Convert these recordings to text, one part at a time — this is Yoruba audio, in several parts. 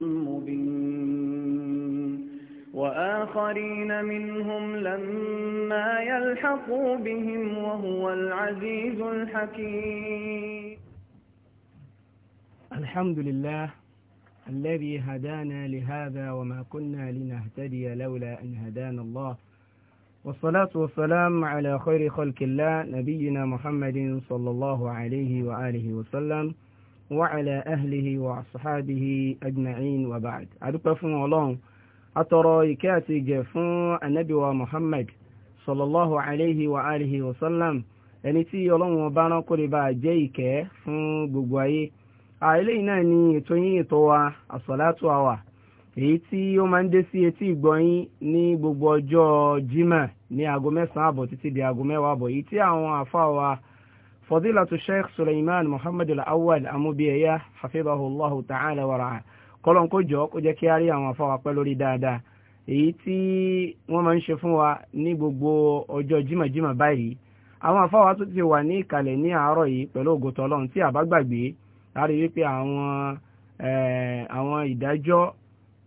مبين وآخرين منهم لما يلحقوا بهم وهو العزيز الحكيم الحمد لله الذي هدانا لهذا وما كنا لنهتدي لولا أن هدانا الله والصلاة والسلام على خير خلق الله نبينا محمد صلى الله عليه وآله وسلم وعلى أهله وأصحابه أجمعين وبعد أدقفوا الله أترى إكاتي جفوا النبي ومحمد صلى الله عليه وآله وسلم ẹni tí ọlọ́run ọba náà kó lè bá a jẹ́ ìkẹ́ fún gbogbo ayé àìlèyìn náà ni ètò yín ètò wa àsọ̀látò àwà èyí tí ó máa ń dé sí etí ìgbọ̀nyín ní gbogbo ọjọ́ jimá ní aago mẹ́sàn-án àbọ̀ títí di aago mẹ́wàá àbọ̀ èyí tí àwọn àfa wa fadilatu sheikh suleiman muhammad al-awwal amubiyaya hafidhahullahu ta'ala wa ra'a kọlọ́n kó jọ kó jẹ́ kí a rí àwọn afáwa pẹ́ lórí dáadáa èyí tí wọ́n máa ń ṣe fún wa ní gbogbo ọjọ́ jimajima báyìí àwọn afáwa tó ti wà ní ìkàlẹ̀ ní àárọ̀ yìí pẹ̀lú ògùtọ̀ ọlọ́run tí a bá gbàgbé láti rí pé àwọn àwọn ìdájọ́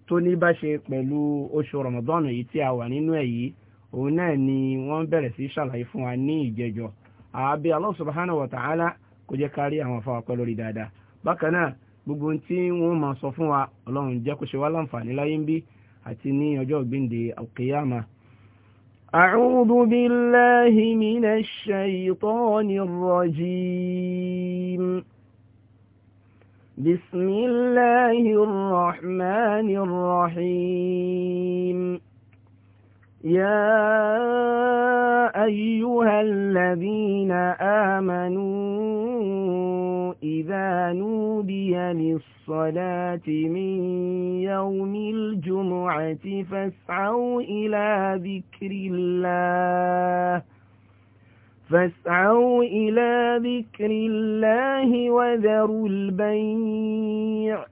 tó ní bá ṣe pẹ̀lú oṣù ramadan èyí tí a wà nínú ẹ̀ yìí òun náà ni wọ́n bẹ̀rẹ̀ sí ṣàlàyé fún wa ní ìjẹjọ́ àbí Allah subhanahu wa ta'ala kó jẹ́ kárí àwọn afọ lórí dáadáa bákan gbogbo tí wọ́n máa sọ fún wa ọlọ́run jẹ́ kó ṣe wá láǹfààní láyé ń bí àti ní ọjọ́ ìgbéǹde àkèyàmà. أعوذ بالله من الشيطان الرجيم بسم الله الرحمن الرحيم يا أيها الذين آمنوا إذا نودي للصلاة من يوم الجمعة فاسعوا إلى ذكر الله فاسعوا إلى ذكر الله وذروا البيع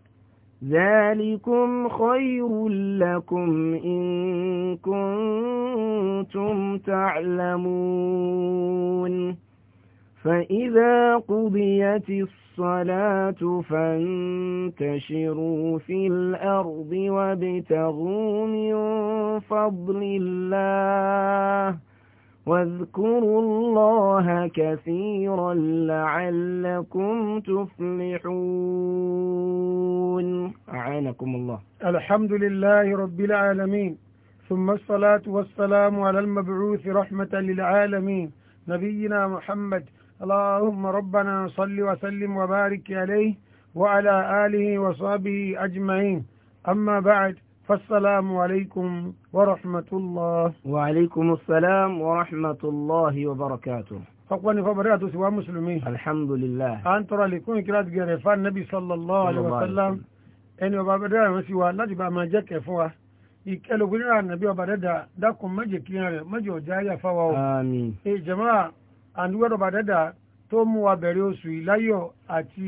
ذلكم خير لكم إن كنتم تعلمون فإذا قضيت الصلاة فانتشروا في الأرض وابتغوا من فضل الله واذكروا الله كثيرا لعلكم تفلحون أعانكم الله الحمد لله رب العالمين ثم الصلاة والسلام على المبعوث رحمة للعالمين نبينا محمد اللهم ربنا صل وسلم وبارك عليه وعلى آله وصحبه أجمعين أما بعد فالسلام عليكم ورحمة الله وعليكم السلام ورحمة الله وبركاته فقوان فبريات سوى مسلمين الحمد لله أن ترى لكم كرات جريفان النبي صلى الله عليه وسلم أن وبريات سوى لجب ما جك فوه ìkẹlẹ̀ obìnrin ànàbí ọba dẹ́dà dákun mẹ́jẹ̀ kí rẹ̀ mẹ́jẹ̀ ọjà ayà fáwa o. àmín. ìjẹ̀mọ́ àdúgbò ọba dẹ́dà tó mú wa bẹ̀rẹ̀ oṣù ìláyọ̀ àti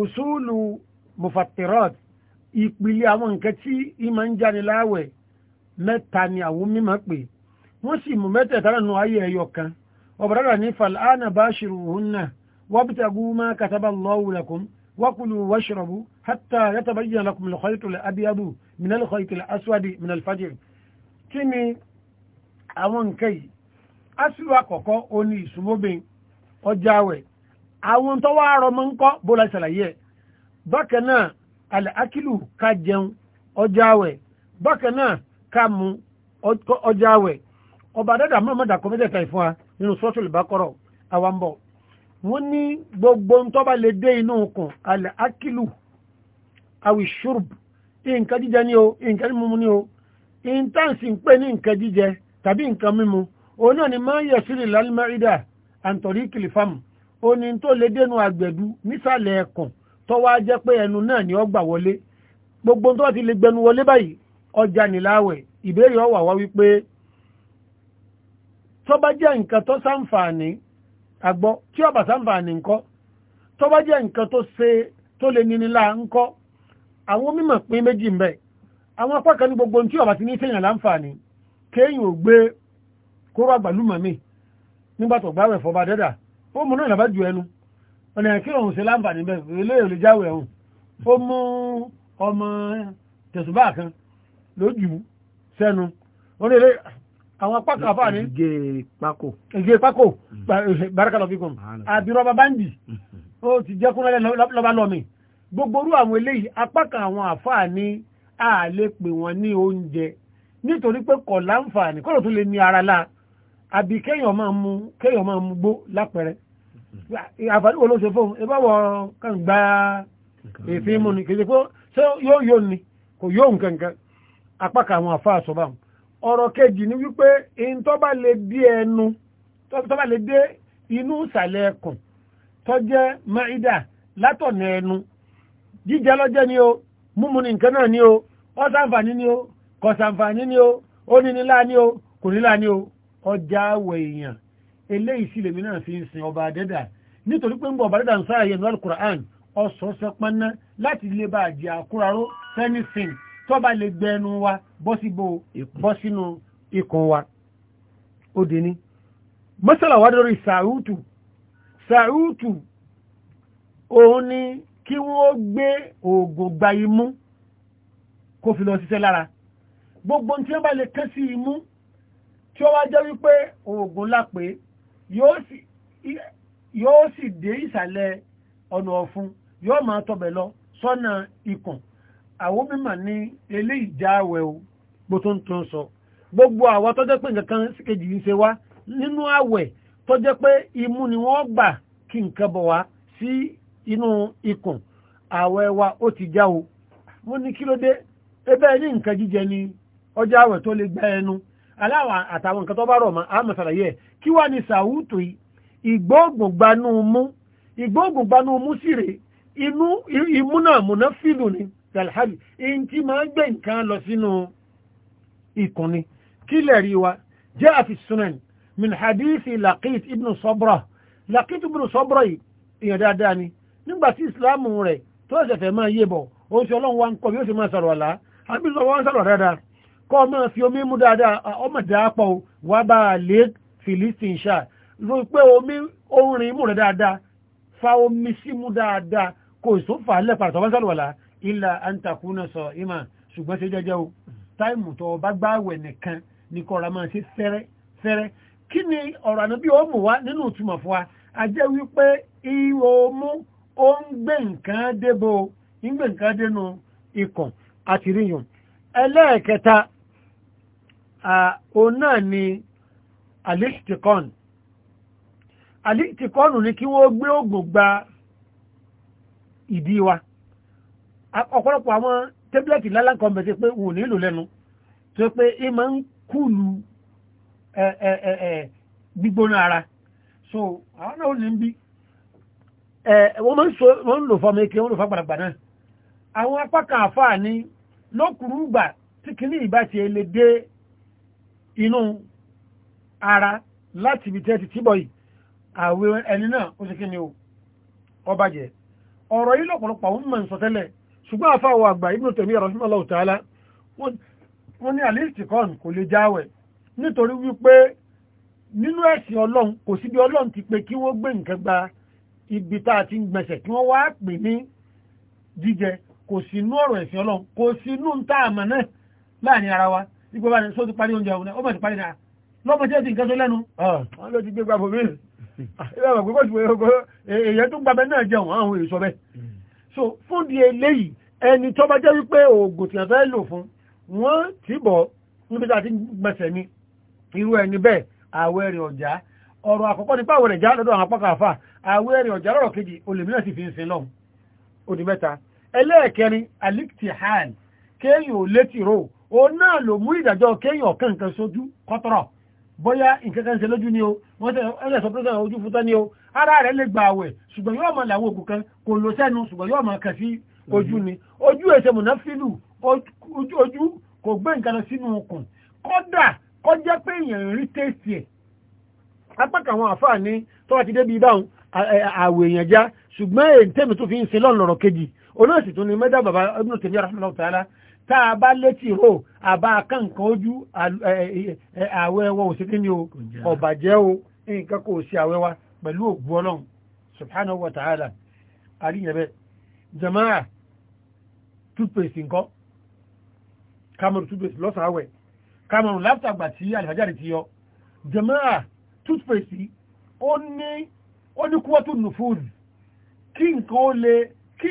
usulu mufattirat ìpìlẹ̀ àwọn nǹkan tí ìmọ̀ ń jáni láwẹ̀ mẹ́ta ni àwọn mímọ̀ pé wọ́n sì mú mẹ́tẹ̀ẹ̀ta nù ayé ẹyọ kan ọ̀bọ̀dọ́dọ̀ ní fal'ana bashiruhunna wabtagu ma kataballahu lakum وكلوا واشربوا حتى يتبين لكم الخيط الأبيض من الخيط الأسود من الفجر kí ni àwọn nǹkan yìí aṣíwá kọ̀kọ́ ó ní àwọn tó wá rọmọ ń kọ́ bó ṣàlàyé ẹ̀ bákan náà jẹun ọjà àwẹ̀ bákan náà ká ọba dada mọ́ mọ́dà kọ́ mẹ́tẹ̀ẹ̀ta ìfún wa nínú sọ́tùlù bá kọ́rọ̀ àwọn bọ̀ wọ́n ní gbogbo ń tọ́ bá lè dé inú ọkàn àlàákìlù àwì ṣùrùb nǹkan jíjẹ ní o nǹkan mímu ní o intansi ń pè ní nǹkan jíjẹ tàbí nǹkan mímu òun náà ni máa ń yẹ sílẹ̀ lálẹ́ mẹ́rídà àǹtọ̀rí kìlìfàmù oní tó lè dénú àgbẹ̀dú nísàlẹ̀ ẹ̀kàn tó wá jẹ́ pé ẹnu náà ni ó gbà wọlé gbogbo tó ti lè gbẹnu wọlé báyìí ọjà níláwẹ̀ ìbéèrè ọwà wá wípé tó bá jẹ́ nǹkan tó sáǹfààní àgbọ́ tí ó sáǹfààní ńkọ́ tó bá jẹ́ nǹkan tó ṣe tó lè ńkọ́ àwọn mímọ̀ pín méjì àwọn apá gbogbo tí ti ní sẹ́yìn láǹfààní kéèyàn ò gbé kóró àgbàlùmọ̀ mi ó mú náà ìyàbá ju ẹnu ọ̀nà kí òun ṣe láǹfààní bẹ́ẹ̀ ilé ìlú jáwé ẹ̀hún ó mú ọmọ tẹ̀sùbá kan lójú sẹ́nu onílé àwọn apá kan àfààní. ìgé pákó. ìgé pákó baraka lọ́fi kan àbí rọba báńdì hmm. ó ti jẹ́ kúrò lọ́ba lọ́mi gbogbo orú àwọn eléyìí apá kan àwọn àfààní àlè pè wọ́n ní oúnjẹ nítorí pé kọ̀ láǹfààní kọ́lọ̀ tó lè ní ara láà àbí kéèyàn máa mú kéèyàn máa mú gbó lápẹẹrẹ àfàdé wo ló ṣe fóun ẹ bá wọ kàn gba èéfín mú ni kìí ṣe ṣé yóò yóò ni kò yóò nǹkan kan apá kan àwọn àfa àṣọ báwọn ọ̀rọ̀ kejì ni wípé in tó bá lè dé ẹnu tó bá lè dé inú ìsàlẹ̀ ẹkùn tó jẹ́ látọ̀nà ẹnu jíjẹ lọ́jẹ́ ni o múmu ní nǹkan náà ni o ó ṣàǹfààní ni o kò ṣàǹfààní ni o ó ni o kò ni o ọjà àwọ̀ èèyàn eléyìí sí lèmi náà fi ń sin ọba adẹ́dà nítorí pé ń bọ̀ ọba adẹ́dà ń sára yẹn lọ́rọ̀ Quran ọ̀sọ̀ sẹpẹ́ná láti lè bá àjẹ́ àkúraró fẹ́nìsìn tọ́ba lè gbẹnu wa bọ́ síbo bọ́ sínú ikùn wa ó dé ní. mọ́sálà wa lórí sàútù sàútù òun ni kí wọ́n gbé oògùn gba imú kó fi lọ ṣiṣẹ́ lára gbogbo tí wọ́n bá lè kẹ́ sí imú tí ó wá jẹ́ wípé oògùn lápé yóò sì dé ìsàlẹ̀ ọ̀nà ọ̀fun yóò máa tọbẹ̀ lọ sọ́nà ikùn àwọn mímọ̀ ní ilé ìjáwẹ̀ o bó tó ń sọ gbogbo awa tọ́jẹ́ pé nǹkan kan ń wá nínú àwẹ̀ tọ́jẹ́ pé ni wọ́n gbà kí nǹkan bọ̀ wá sí inú ikùn àwẹ̀ wa ó o ní kí ebe ní nǹkan jíjẹ ni àwẹ̀ tó gba ẹnu aláwọ̀ àtàwọn nǹkan tó bá rọ̀ mọ́ àmọ̀ sàlàyé ẹ̀ kí wá ní sàwútù ìgbóògùngbanú mú ìgbóògùngbanú mú sí rè inú ìmúnàmúná fìlù ni galhali in ti máa gbé nǹkan lọ sínú ìkùnni kí lẹ́rí wa jẹ́ àfi sunan min hadithi laqit ibn sobra laqit ibn sobra yìí èèyàn dáadáa ni nígbàtí ìsìláàmù rẹ̀ tó ẹ̀sẹ̀ máa yé bọ̀ ó ọlọ́run wa ń kọ́ bí ó ṣe máa sọ̀rọ̀ àlá àbí sọ̀rọ̀ wọn sọ̀rọ̀ dáadáa kọ́ máa fi omi mú dáadáa ọmọ dáapọ̀ wà bá a lè filistin ṣá ro pé omi orin mú rẹ̀ dáadáa fa omi sí mú dáadáa kò sí fà á lẹ́pàá tọ́ bá sálùwàlá ilà antakuna sọ ìmà ṣùgbọ́n ṣe jẹ́jẹ́ o táìmù tó bá gbáwẹ̀ nìkan ní kọ́ra máa ṣe fẹ́rẹ́ kí ni ọ̀rọ̀ ànábí ó mú wá nínú ìtumọ̀ fún wa a jẹ́ wípé ihò mú ó ń gbé nǹkan débò ń gbé nǹkan dénú ikọ̀ àtìríyàn ẹlẹ́ẹ̀kẹta òun náà ni alistikon alistikon ni kí wọ́n gbé ogun gba ìdí wa ọ̀pọ̀lọpọ̀ àwọn tẹ́bílẹ̀tì lálákọ̀ọ́bẹ̀ ti pé wò nílò lẹ́nu tó pé ẹ ń ara so àwọn náà ní bí wọ́n ń lò fọ́mọ ike wọ́n lò fàgbàlagbà náà àwọn apá kan àfáà ní lókùrú tí kìíní ìbá ti inú ara láti ibi tẹ́tì tíbọ̀ yìí àwẹ̀ ẹni náà ó sì kí ni o ọba jẹ́ ọ̀rọ̀ yìí lọ́pọ̀lọpọ̀ àwọn mọ̀ ń sọ tẹ́lẹ̀ ṣùgbọ́n àfáwọ̀ àgbà Ibn Taymiyyah rahimahullahu ta'ala wọ́n ní al-istiqāma kò lè jáwẹ̀ nítorí wípé nínú ẹ̀sìn ọlọ́run kò sí bí ọlọ́run ti pé ọ̀rọ̀ láàrin ara wa nígbà bá ní sóòtú parí oúnjẹ òun ó mọ̀ sí parí náà lọ́mọ tí ó ti nǹkan tó lẹ́nu. wọ́n ló ti gbé gbàgbọ́ mi ilé ọ̀gbẹ́ kò tún èyẹ tó gbàgbẹ́ náà jẹun àwọn èrè sọ so fún di eléyìí ẹni tó bá jẹ́ wípé oògùn tí wọ́n fẹ́ lò fún wọ́n ti bọ̀ níbi tí a ti gbẹ̀sẹ̀ ni irú ẹni bẹ́ẹ̀ àwẹ̀ rẹ̀ ọ̀já ọ̀rọ̀ àkọ́kọ́ nípa àwẹ̀ rẹ̀ já lọ́dọ̀ àwọn apákà àfà rẹ̀ ọ̀já lọ́rọ̀ kejì olèmínà sì fi ń sin lọ́hùn ó mẹ́ta ẹlẹ́ẹ̀kẹrin alikti hàn kéèyàn ò létí rò òun náà ló mú ìdájọ́ kéèyàn kan nǹkan sójú kọ́tọ̀rọ̀ bóyá nǹkan kan ṣe lójú ni o wọ́n tẹ ẹlẹ́ sọ pé ojú fún tán ni o ara rẹ̀ lè gba àwẹ̀ ṣùgbọ́n yóò máa làwọn òkú kan kò lọ sẹ́nu ṣùgbọ́n yóò máa kàn sí ojú ni ojú èsè mùnáfílù ojú kò gbé nǹkan lọ sínú okùn kódà kọjá pé èèyàn rí tèsì ẹ̀ apá kan àwọn àfáà ní tó bá ti débi ìbáhùn àwẹ̀ èèyàn já ṣùgbọ́n èyí tèmi tó fi ń ṣe lọ́nà ọ̀rọ̀ kejì onáà sì tún ni mẹ́dà bàbá Ibn Taymiyyah rahimahullah ta'ala tá a bá létí hò àbá akánkan ojú àwẹ̀ ẹwọ òsìkí ni o ọ̀bàjẹ́ o nǹkan kò sí àwẹ̀ wa pẹ̀lú ògùn ọlọ́run subhanahu wa ta'ala àríyànbẹ́ jama'a toothpaste nǹkan kamaru toothpaste lọ́sàáwẹ̀ kamaru láftàgbà tí alìfàjáde ti yọ jama'a toothpaste ó ní ó ní kúwọ́tò nùfúùdù kí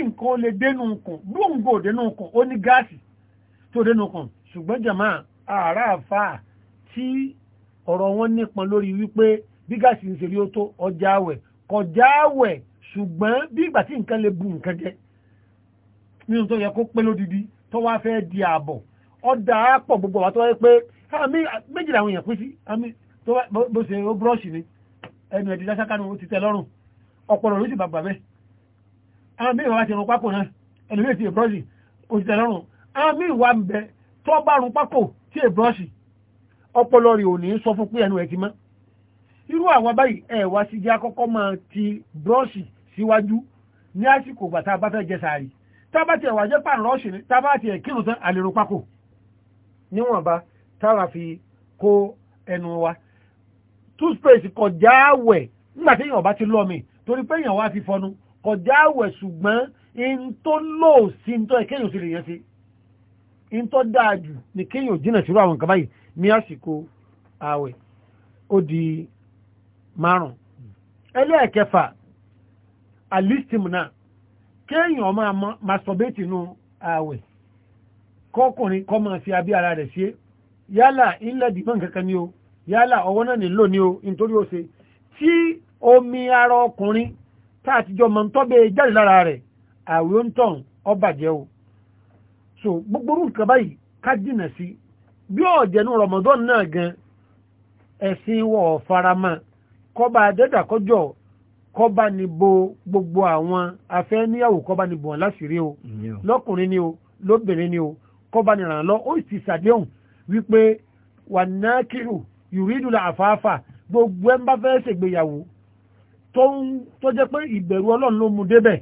nǹkan ó lè dénú nǹkan lóǹgò dénú nǹkan ó ní gáàsì tó dénú kan ṣùgbọ́n jàmá ààrá àfà tí ọ̀rọ̀ wọn nípọn lórí wípé bí gáàsì ń ṣe rí ó tó ọjà àwẹ̀ kọjá àwẹ̀ ṣùgbọ́n bí ìgbà tí nǹkan lè bu nǹkan jẹ nínú tó yẹ kó pé lódidi tó wá fẹ́ di ààbọ̀ ọ̀dà àpọ̀ gbogbo wa tó wáyé pé àmì méjì làwọn èèyàn pín sí àmì tó wá bó ṣe ó búrọ́ọ̀ṣì ni ẹnu ẹ̀dí lásákánú ó ti tẹ lọ́rùn ọ̀pọ̀lọ̀ ló sì bàbà bẹ́ẹ̀ àmì ìwà ti rún pákó náà ẹnu ilé ti búrọ́ọ̀ṣì ó ti tẹ lọ́rùn àmì ìwà ń bẹ tó bá rún pákò tí è bọ́ọ̀sì ọpọlọ rẹ̀ ò ní sọ fún pé ẹnu ẹ̀ ti mọ́ irú àwọn báyìí ẹ̀ wá sí jẹ́ àkọ́kọ́ máa ti bọ́ọ̀sì síwájú ní àsìkò ìgbà tá a bá fẹ́ jẹ sàárì tá a bá tiẹ̀ wá jẹ́ pàrọ̀ rọ́ọ̀sì ni tá a bá tiẹ̀ kírun tán àlèrò pákò níwọ̀nba táwa fi kó ẹnu wa toothpaste kọjá àwẹ̀ nígbà tí èèyàn bá ti lọ́ mi torí pé èèyàn wá ti fọnu kọjá àwẹ̀ ṣùgbọ́n in tó lò sí in tó ẹ̀kẹ́yìn òsì lè yẹn sí in tó dáa jù ní kéèyàn jìnnà sírò àwọn nǹkan báyìí ní àsìkò ààwẹ̀ ó di márùn ẹlẹ́ẹ̀kẹfà alistimna kéèyàn máa masturbate nù ààwẹ̀ kọkùnrin kọ́ máa fi abí ara rẹ̀ sí yálà ilẹ̀ dìbọn kankan ni o yálà ọwọ́ náà nílò ni o nítorí ó ṣe tí omi ara ọkùnrin tá àtijọ́ mọ̀ ń tọ́bẹ̀ jáde lára rẹ̀ àwẹ̀ ó ń tàn ó bàjẹ́ o so gbogbo nǹkan báyìí ká jìnà sí bí ọ̀jẹ̀nu Ramadan náà gan ẹ̀sìn wọ̀ farama kọba adẹ́dà kọjọ kọba ni bo gbogbo àwọn afẹ́ níyàwó kọba ni bọ̀ láṣìírí o lọ́kùnrin ni o lóbìnrin ni o kọba ni ràn lọ ó sì ṣàdéhùn wípé wà náà kírù yùrídùn àfáàfà gbogbo ẹ̀ ń bá fẹ́ ṣègbéyàwó tó jẹ́ pé ìbẹ̀rù Ọlọ́run ló mú débẹ̀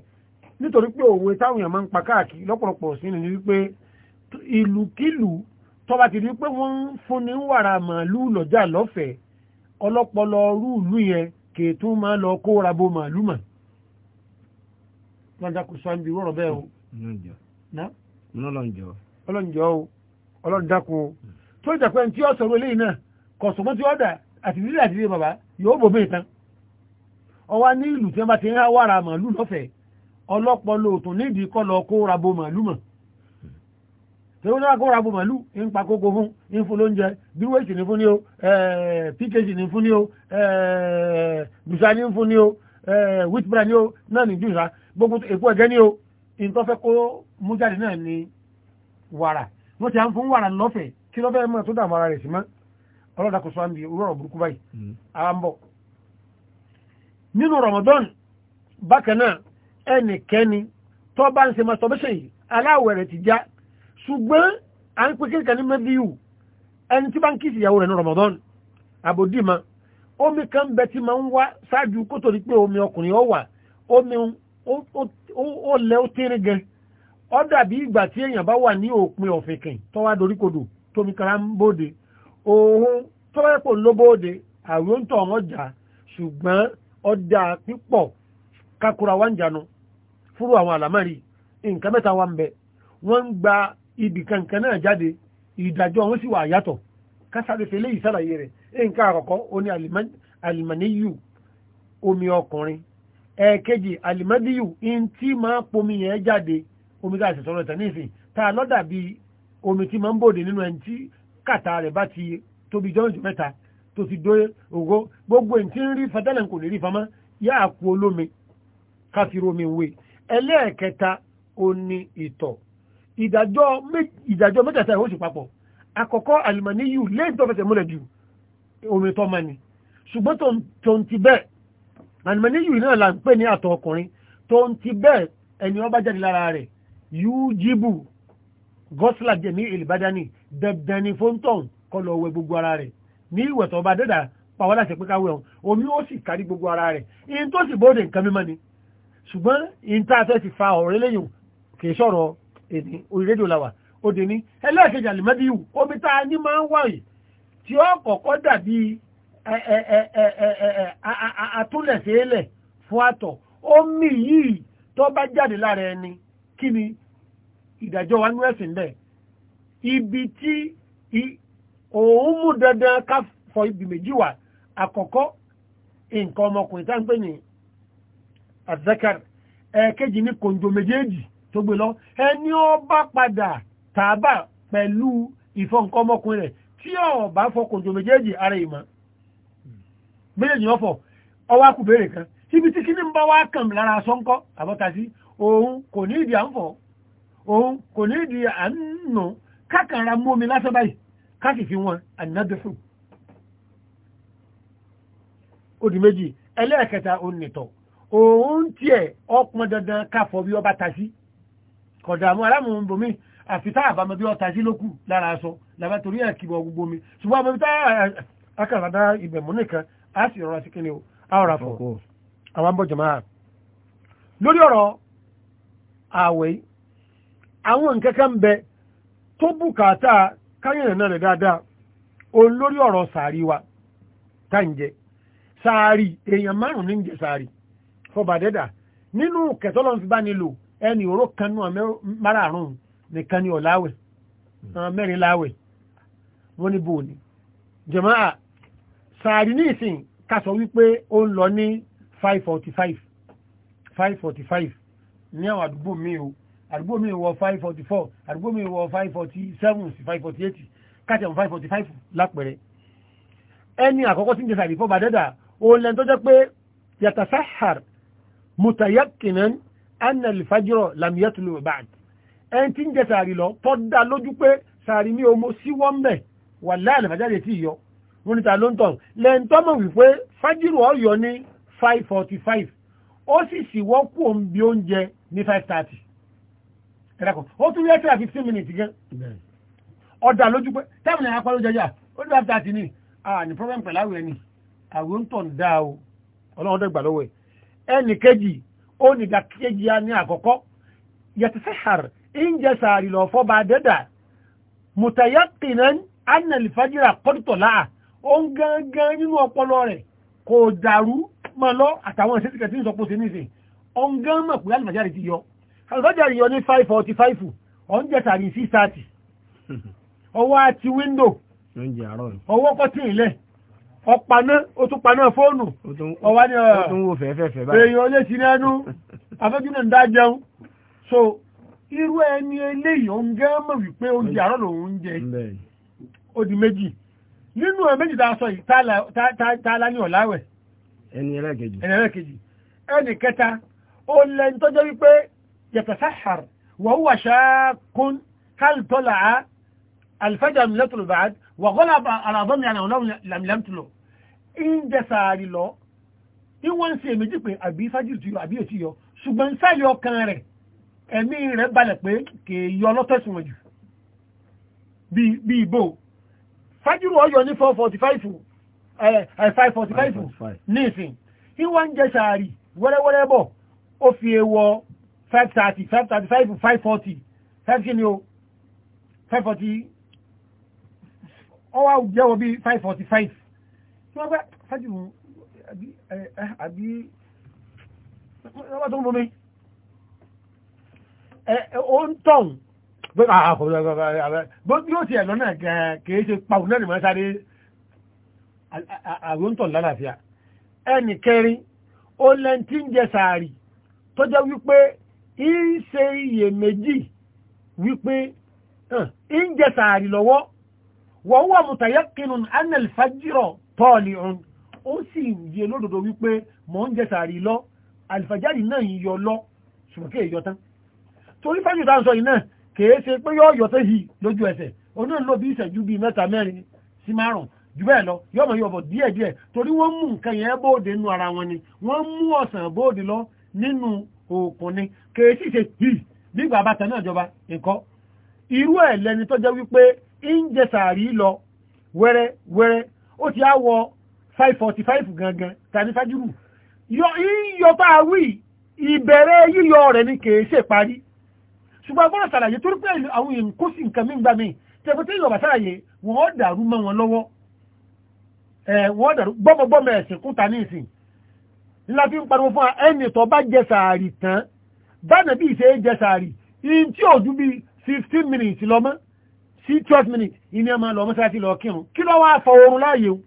nítorí pé òwe táwọn èèyàn máa ń pa káàkiri lọ́pọ̀lọpọ̀ sí ni wípé ìlúkílù tọba ti rí pé wọ́n ń fúnni wàrà màálù lọ́jà lọ́fẹ̀ẹ́ ọlọ́pọlọ rúùlù yẹn kè tún máa lọ kó rabo màálù mà. lọ́jà kò sọ ibi rọ̀rọ̀ bẹ́ẹ̀ o. ọlọ́njọ́ o ọlọ́ndàkùn o tó ìjà tí ó sọ̀rọ̀ eléyìí náà tí ó dà àti dídí àti dídí bàbá yóò bò mí bá ti ń há wàrà màálù lọ́fẹ̀ẹ́ ọlọ́pọ̀lọ́ òtún nídìí kọ́ lọ kó rabo màálù mọ̀ tẹ́wọ́n náà kó rabo màálù ń pa kókó fún ń fún lóúnjẹ ní fún ní o pkc ní fún ní o jùsà ní fún ní o ní o náà ní gbogbo èkó ẹ̀gẹ́ ní o ìtọ́fẹ́ kó mú náà ní wàrà wọ́n ti à ń fún wàrà lọ́fẹ̀ẹ́ kí mọ̀ tó ara rẹ̀ sí mọ́ ọlọ́dà ẹnikẹ́ni tó bá ń ṣe masturbation yìí aláwẹ̀ rẹ̀ ti já ṣùgbọ́n à ń pè kékeré ní mẹ́bíù ẹni tí bá ń kíìsì ìyàwó rẹ̀ ní Ramadan àbòdìmọ̀ omi kan bẹ tí máa ń wá ṣáájú kó tó di pé omi ọkùnrin ọ wà omi ó lẹ ó tẹ́rẹ̀ gẹ ọ dàbí ìgbà tí èèyàn bá wà ní òpin ọ̀fìnkìn tó wá dorí kodò tómi kan ń bóde òun tó bá yẹ kó ló bóde àwọn ń tọ̀ wọ́n jà ṣùgbọ́n ọjà pípọ̀ kakura wá ń jànú fúrú àwọn àlámọ́rí nǹkan mẹ́ta wa ń bẹ wọ́n ń gba ibì kankan náà jáde ìdájọ́ wọn sì wà yàtọ̀ kásáré fẹlẹ́ yìí sàlàyé rẹ̀ nǹkan àkọ́kọ́ ó ní alimaniyu omi ọkùnrin ẹ̀ẹ̀kejì alimadiyu in tí máa pomi yẹn jáde omi tá a sì sọ̀rọ̀ ìtàn nísìn tá a lọ́dà bí omi tí máa ń bòde nínú ẹni tí kàtà rẹ̀ bá ti tóbi jọ́njù mẹ́ta tó ti dó ògo gbogbo ẹ̀ ń rí fatẹ́lẹ̀ kò ní rí famá yáà kú olómi káfíru omi wèé ẹlẹ́ẹ̀kẹta ó ní ìtọ̀ ìdájọ́ mẹ́tẹ̀ẹ̀ta ìwọ́n sì papọ̀ àkọ́kọ́ alimaniyu lẹ́yìn tó fẹsẹ̀ múlẹ̀ jù omi tó mani ṣùgbọ́n tó ń ti bẹ́ẹ̀ alimaniyu náà là ń pè ní àtọ̀ ọkùnrin tó ń ti bẹ́ẹ̀ ẹni ó bá jáde lára rẹ̀ yújíbù gọ́sìlà jẹ́ ní ìlìbádání dandan ni fóńtọ̀n kọ́ lọ wẹ gbogbo ara rẹ̀ ní ìwẹ̀tọ̀ ọba dẹ́dà pàwọ́dà ṣe pé káwé ọ̀hún omi ó sì kárí gbogbo ara rẹ̀ ìyẹn tó sì bóde nǹkan mímọ́ ni ṣùgbọ́n ìntàfẹ́ ti fa ọ̀rẹ́ lẹ́yìn kìí sọ̀rọ̀ èdè orí rédíò làwà ó dé ní ẹlẹ́ẹ̀kejì àlìmọ́díwù omi tá a ní máa ń wáyé tí ó kọ̀kọ́ dàbí àtúnlẹ̀sẹ̀ẹ́lẹ̀ fún àtọ̀ omi yìí tó bá jáde lára ẹni kí ni ìdájọ́ wa nú ẹ̀sìn bẹ́ẹ̀ ibi tí òun mú dandan ká fọ ibi méjì wà àkọ́kọ́ nǹkan ọmọkùnrin tá ń pè ní azakar ẹ̀ẹ̀kejì ní kòǹjò méjèèjì tó gbé lọ ẹni ó bá padà tàbà pẹ̀lú ìfọ̀nkọ́ ọmọkùnrin rẹ̀ tí ó bá fọ kòǹjò méjèèjì ara ìmọ̀ méjèèjì ọ̀fọ̀ ọwọ́ akùbẹ̀rẹ̀ kan síbi tí kíní ń bá wá kàn lára aṣọ ńkọ́ àbọ̀tàsí òun kò ní ìdí à ń fọ̀ òun kò ní ìdí à kákàrà mú lásán báyìí ká fi wọn ànádẹ́fù ó di méjì ẹlẹ́ẹ̀kẹta òun nìtọ̀ òun tiẹ̀ ọpọn dandan káfọ́ bí ọba tasí kọ̀dà mọ́ aláàmù ń bomi àfi tá àbámọ́ bí ọta sí lókù lára aṣọ làbá torí ẹ̀ kìbọ̀ gbogbo mi ṣùgbọ́n àbẹ̀bí tá akàràdá ìbẹ̀mú nìkan á sì rọra sí kíni o àwọ̀rà fọ̀ àwọn abọ́jọ́ máa lórí ọ̀rọ̀ àwẹ̀ wa tá ń jẹ sàárì èèyàn márùn-ún ní ń jẹ sàárì fọba dẹ́dà nínú kẹtọ́lọ́n fi bá nílò ẹni òró kanú márààrún nìkan ni ọ̀láwẹ̀ mẹ́rin láwẹ̀ wọ́n ní bòóní jẹ̀máà sàárì ní ìsìn ká sọ wípé ó ń lọ ní 545 545 ní àwọn àdúgbò mi o àdúgbò mi wọ 544 àdúgbò mi wọ 547 sí 548 káàtẹ̀ 545 lápẹ̀rẹ̀ ẹni àkọ́kọ́ tí ń jẹ sàárì fọ́ba dẹ́dà ó lẹ́ni tó jẹ́ pé yàtà sáhàrì mutayakinan anna alfajr lam yatlu ba'd en tin je sari lo to da lójú pé sari mi o mo si won be wallahi alfajr ti yọ wọ́n ní ta ló ń tọ̀ lẹ́ ń tọ́mọ̀ wípé fájírù ó yọ ní 545 ó sì sì wọ́pù òun bí oúnjẹ ní 530 ẹ̀dàkọ̀ ó tún yẹ́ tíra 15 minutes gan ọ̀dà lójú pé táìmù náà apá ló jẹjẹ ó ní 530 ní à ní problem pẹ̀lú àwẹ̀ ni àwẹ̀ ń tọ̀ ń dá o ọlọ́run dẹ́gbà lọ́wọ́ ẹ̀ ẹnì kejì ó nìgbà kejì á ní àkọ́kọ́ yẹtí sẹ́hàr ìjẹ sàárì lọ fọ́ bá dẹ́dà mùtàyàkìnan anna lìfàjìrà kọ́dùtọ̀ láà ó ń gángan nínú ọpọlọ rẹ̀ kò dàrú mọ́ lọ àtàwọn ìṣẹ́sìkẹ̀ tí ń sọ pé ó ti níṣe ọ̀n gán mọ̀ pé alìfàjìrì ti yọ alìfàjìrì yọ ní 545 ọ̀n jẹ́ sàárì 630 ọwọ́ àti wíńdò ọwọ́ kọ́tì ilẹ̀ ọ̀paná o tún paná fóònù ọwá ní ọ̀rọ̀ ah, èèyàn lè ti rẹ́nu afẹ́jú náà ń dá jẹun so irú ẹni eléyìí ó ń gẹ́ mọ̀ wípé oúnjẹ àárọ̀ lòun ń jẹ ó di méjì nínú ẹ̀ méjì tá a sọ yìí tá a lá ní ọ̀láwẹ̀ ẹni ẹlẹ́kejì ẹni kẹta ó lẹ́ni tọ́jọ́ wípé yàtọ̀ sáhàr wọ́n wà ṣáà kún kálítọ́là alfajr min latul ba'd wàgọ́lá àràbọ́mì àná ọlọ́run làmìlàmìtìlọ ń jẹ sàárì lọ ní wọ́n ń ṣe èméjì pé àbí fájìrì ti yọ àbí èsì yọ ṣùgbọ́n sáàlì ọkàn rẹ̀ ẹ̀mí rẹ̀ balẹ̀ pé kè yọ jù bí ìbò fájìrì ọyọ ní four forty five five forty five ní ìsìn ní wọ́n ń jẹ sàárì wẹ́rẹ́wẹ́rẹ́ bọ̀ ó fi ewọ five thirty five thirty five forty five kí ni o five forty ọwọ́ àwùjẹ́ wọ bí five forty five tí wọ́n bá ṣáàjì wù àbí àbí ọba tó ń bomi ẹ ó ń tọ̀hún ah, ah, yóò ti ẹ̀ lọ́nà gan-an kìí ṣe pàwùn náà nìmọ̀ sáré àróńtọ̀ lálàáfíà ẹnì kẹrin ó lẹ́ntí ń jẹ sàárì tó jẹ́ wípé ń ṣe iyèméjì wípé ń jẹ sàárì lọ́wọ́ wọ́n wà mùtàyẹ́kìnnù anel fajirọ̀ tọ́ọ̀lì ọ̀hún ó sì yẹ lódodo wípé mọ̀ ń jẹ sàárì lọ alifajari náà yìí yọ lọ ṣùgbọ́n kí èyọ tán torí fẹ́jù tá à ń sọ yìí náà kèé ṣe pé yọ yọ tó yìí lójú ẹsẹ̀ òun náà lò bí ìṣẹ́jú bíi mẹ́ta mẹ́rin sí márùn jù bẹ́ẹ̀ lọ yọmọ yọbọ díẹ̀ díẹ̀ torí wọ́n mú nǹkan yẹn bóde nínú ara wọn ni wọ́n mú ọ̀sán bóde lọ nínú òkun ni kèé sì ṣe yìí nígbà bàtà náà jọba nǹkan irú ẹ̀ lẹni tó jẹ́ wípé ń jẹ sàárì lọ wẹ́rẹ́ wẹ́rẹ́ ó ti á wọ 545 gangan tàbí fájúrù yíyọ bá wí ìbẹ̀rẹ̀ yíyọ rẹ̀ ní kèé ṣe parí ṣùgbọ́n agbọ́nà sàlàyé torí pé àwọn èèyàn kó sí nǹkan mígbà míì tẹ̀kọ́tẹ́ ìyọ̀bà sàlàyé wọ́n dàrú mọ́ wọn lọ́wọ́ wọ́n dàrú gbọ́mọgbọ́mọ ẹ̀sìn kúta ní ìsìn ńlá fi ń pariwo fún ẹni tó bá jẹ sàárì tán bánà bí ìṣe jẹ sàárì in tí ò ju bí 15 minutes lọ mọ́ sí twelve minutes ìní ẹ̀ máa lọ mọ́sáàtì lọ kírun kí ló wá fọ oorun láàyè o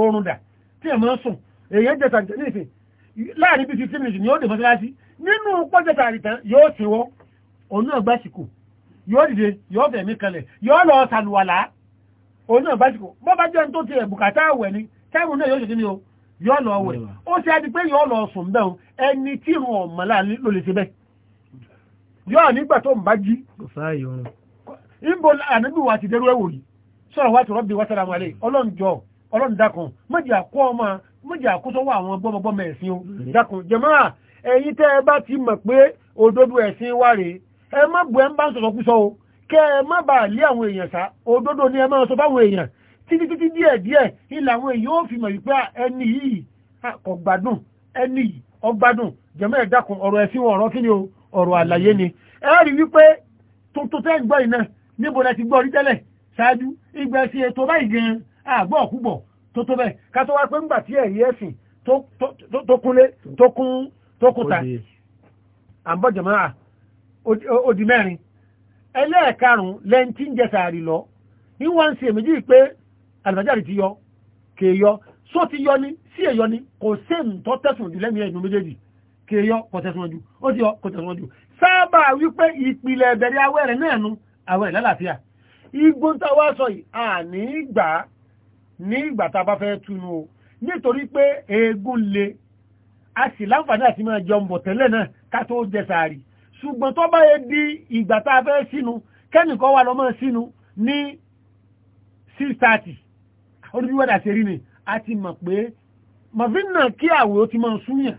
oorun dà tí ẹ̀ máa ń sùn èèyàn jẹta nífẹ̀ẹ́ láàrin bíi fifteen minutes ni ó dé mọ́sáàtì nínú pọ́jẹta àrìtàn yóò ṣe wọ́ òun náà gbàsìkò yóò dìde yóò fẹ̀mí kanlẹ̀ yóò lọ sàlùwàlà òun náà gbàsìkò bọ́ bá jẹun tó ti ẹ̀ bùkátà àwẹ̀ ni táìmù náà yóò ṣe kí ni o yóò lọ wẹ̀ ó ṣe adi pé yóò lọ sùn bẹ́ẹ̀ o ẹni tí ìrùn ọ̀mọ́lá ló lè ṣe bẹ́ẹ̀ yóò nígbà tó ń bá jí. kò sáàyè oorun ìbò ànábì wa ti dẹrú ẹ̀wò yìí sọ̀rọ̀ wá tọ̀rọ̀ bí wá sára wọlé ọlọ́njọ́ ọlọ́ndakùn mọ́jì àkọ́ ọmọ mọ́jì àkósọ́wọ́ àwọn gbọ́mọgbọ́mọ ẹ̀sìn o dákun jàmáà ẹ̀yin tẹ́ ẹ bá ti mọ̀ pé òdodo ẹ̀sìn wa rèé ẹ má bu ẹ ń bá ń sọ̀rọ̀ kú o kẹ́ ẹ má bàa lé àwọn èèyàn sá òdodo ni ẹ máa sọ fáwọn èèyàn títí títí díẹ̀ díẹ̀ ilà àwọn èèyàn ó fi mọ̀ wípé ẹni yìí kò gbádùn ẹni yìí ó gbádùn jàmáà ẹ dákun ọ̀rọ̀ ẹ̀sìn wọn ọ̀rọ̀ kí ni o ọ̀rọ̀ àlàyé ni ẹ rí wípé tuntun tẹ́ ń gbọ́ yìí náà níbo lẹ ti gbọ́ rí tẹ́lẹ̀ ṣáájú ìgbà sí ètò báyìí gan àgbọ̀ ọ̀kúbọ̀ tó tó bẹ́ẹ̀ ká tó wá pé ńgbà tí ẹ̀rí ẹ̀sìn tó kúnlé tó kún tó kúta àbọ̀jọ̀mọ́ra odi mẹ́rin ẹlẹ́ẹ̀karùn-ún lẹ́yìn tí ń jẹ sàárì lọ ìwọ̀n ń ṣe èméjì pé àlùbájáde ti yọ kéèyọ só ti yọ ni sí èyọ ní kò séèmù tó tẹ̀sùn jù lẹ́mìí ẹ̀dùn méjèèjì kéèyọ kò tẹ̀sùn jù ó ti yọ kò tẹ̀sùn jù sábà wípé ìpìlẹ̀ ẹ̀bẹ̀rẹ̀ awẹ́rẹ̀ náà nu àwọn ìlàlàáfíà igbó tá wá sọ yìí à ní ìgbà ní ìgbà tá a bá fẹ́ túnú o nítorí pé eégún le a sì láǹfààní àti máa jọ mbọ̀ tẹ́lẹ̀ náà ká tó jẹ sàárì ṣùgbọ́n tó bá yẹ di ìgbà tá fẹ́ sínú kẹ́nìkan wà lọ́mọ sínú ní six thirty olùbí wẹ́dà ṣe rí ni a ti mọ̀ pé mọ̀fín náà kí àwẹ̀ ó ti máa súnyàn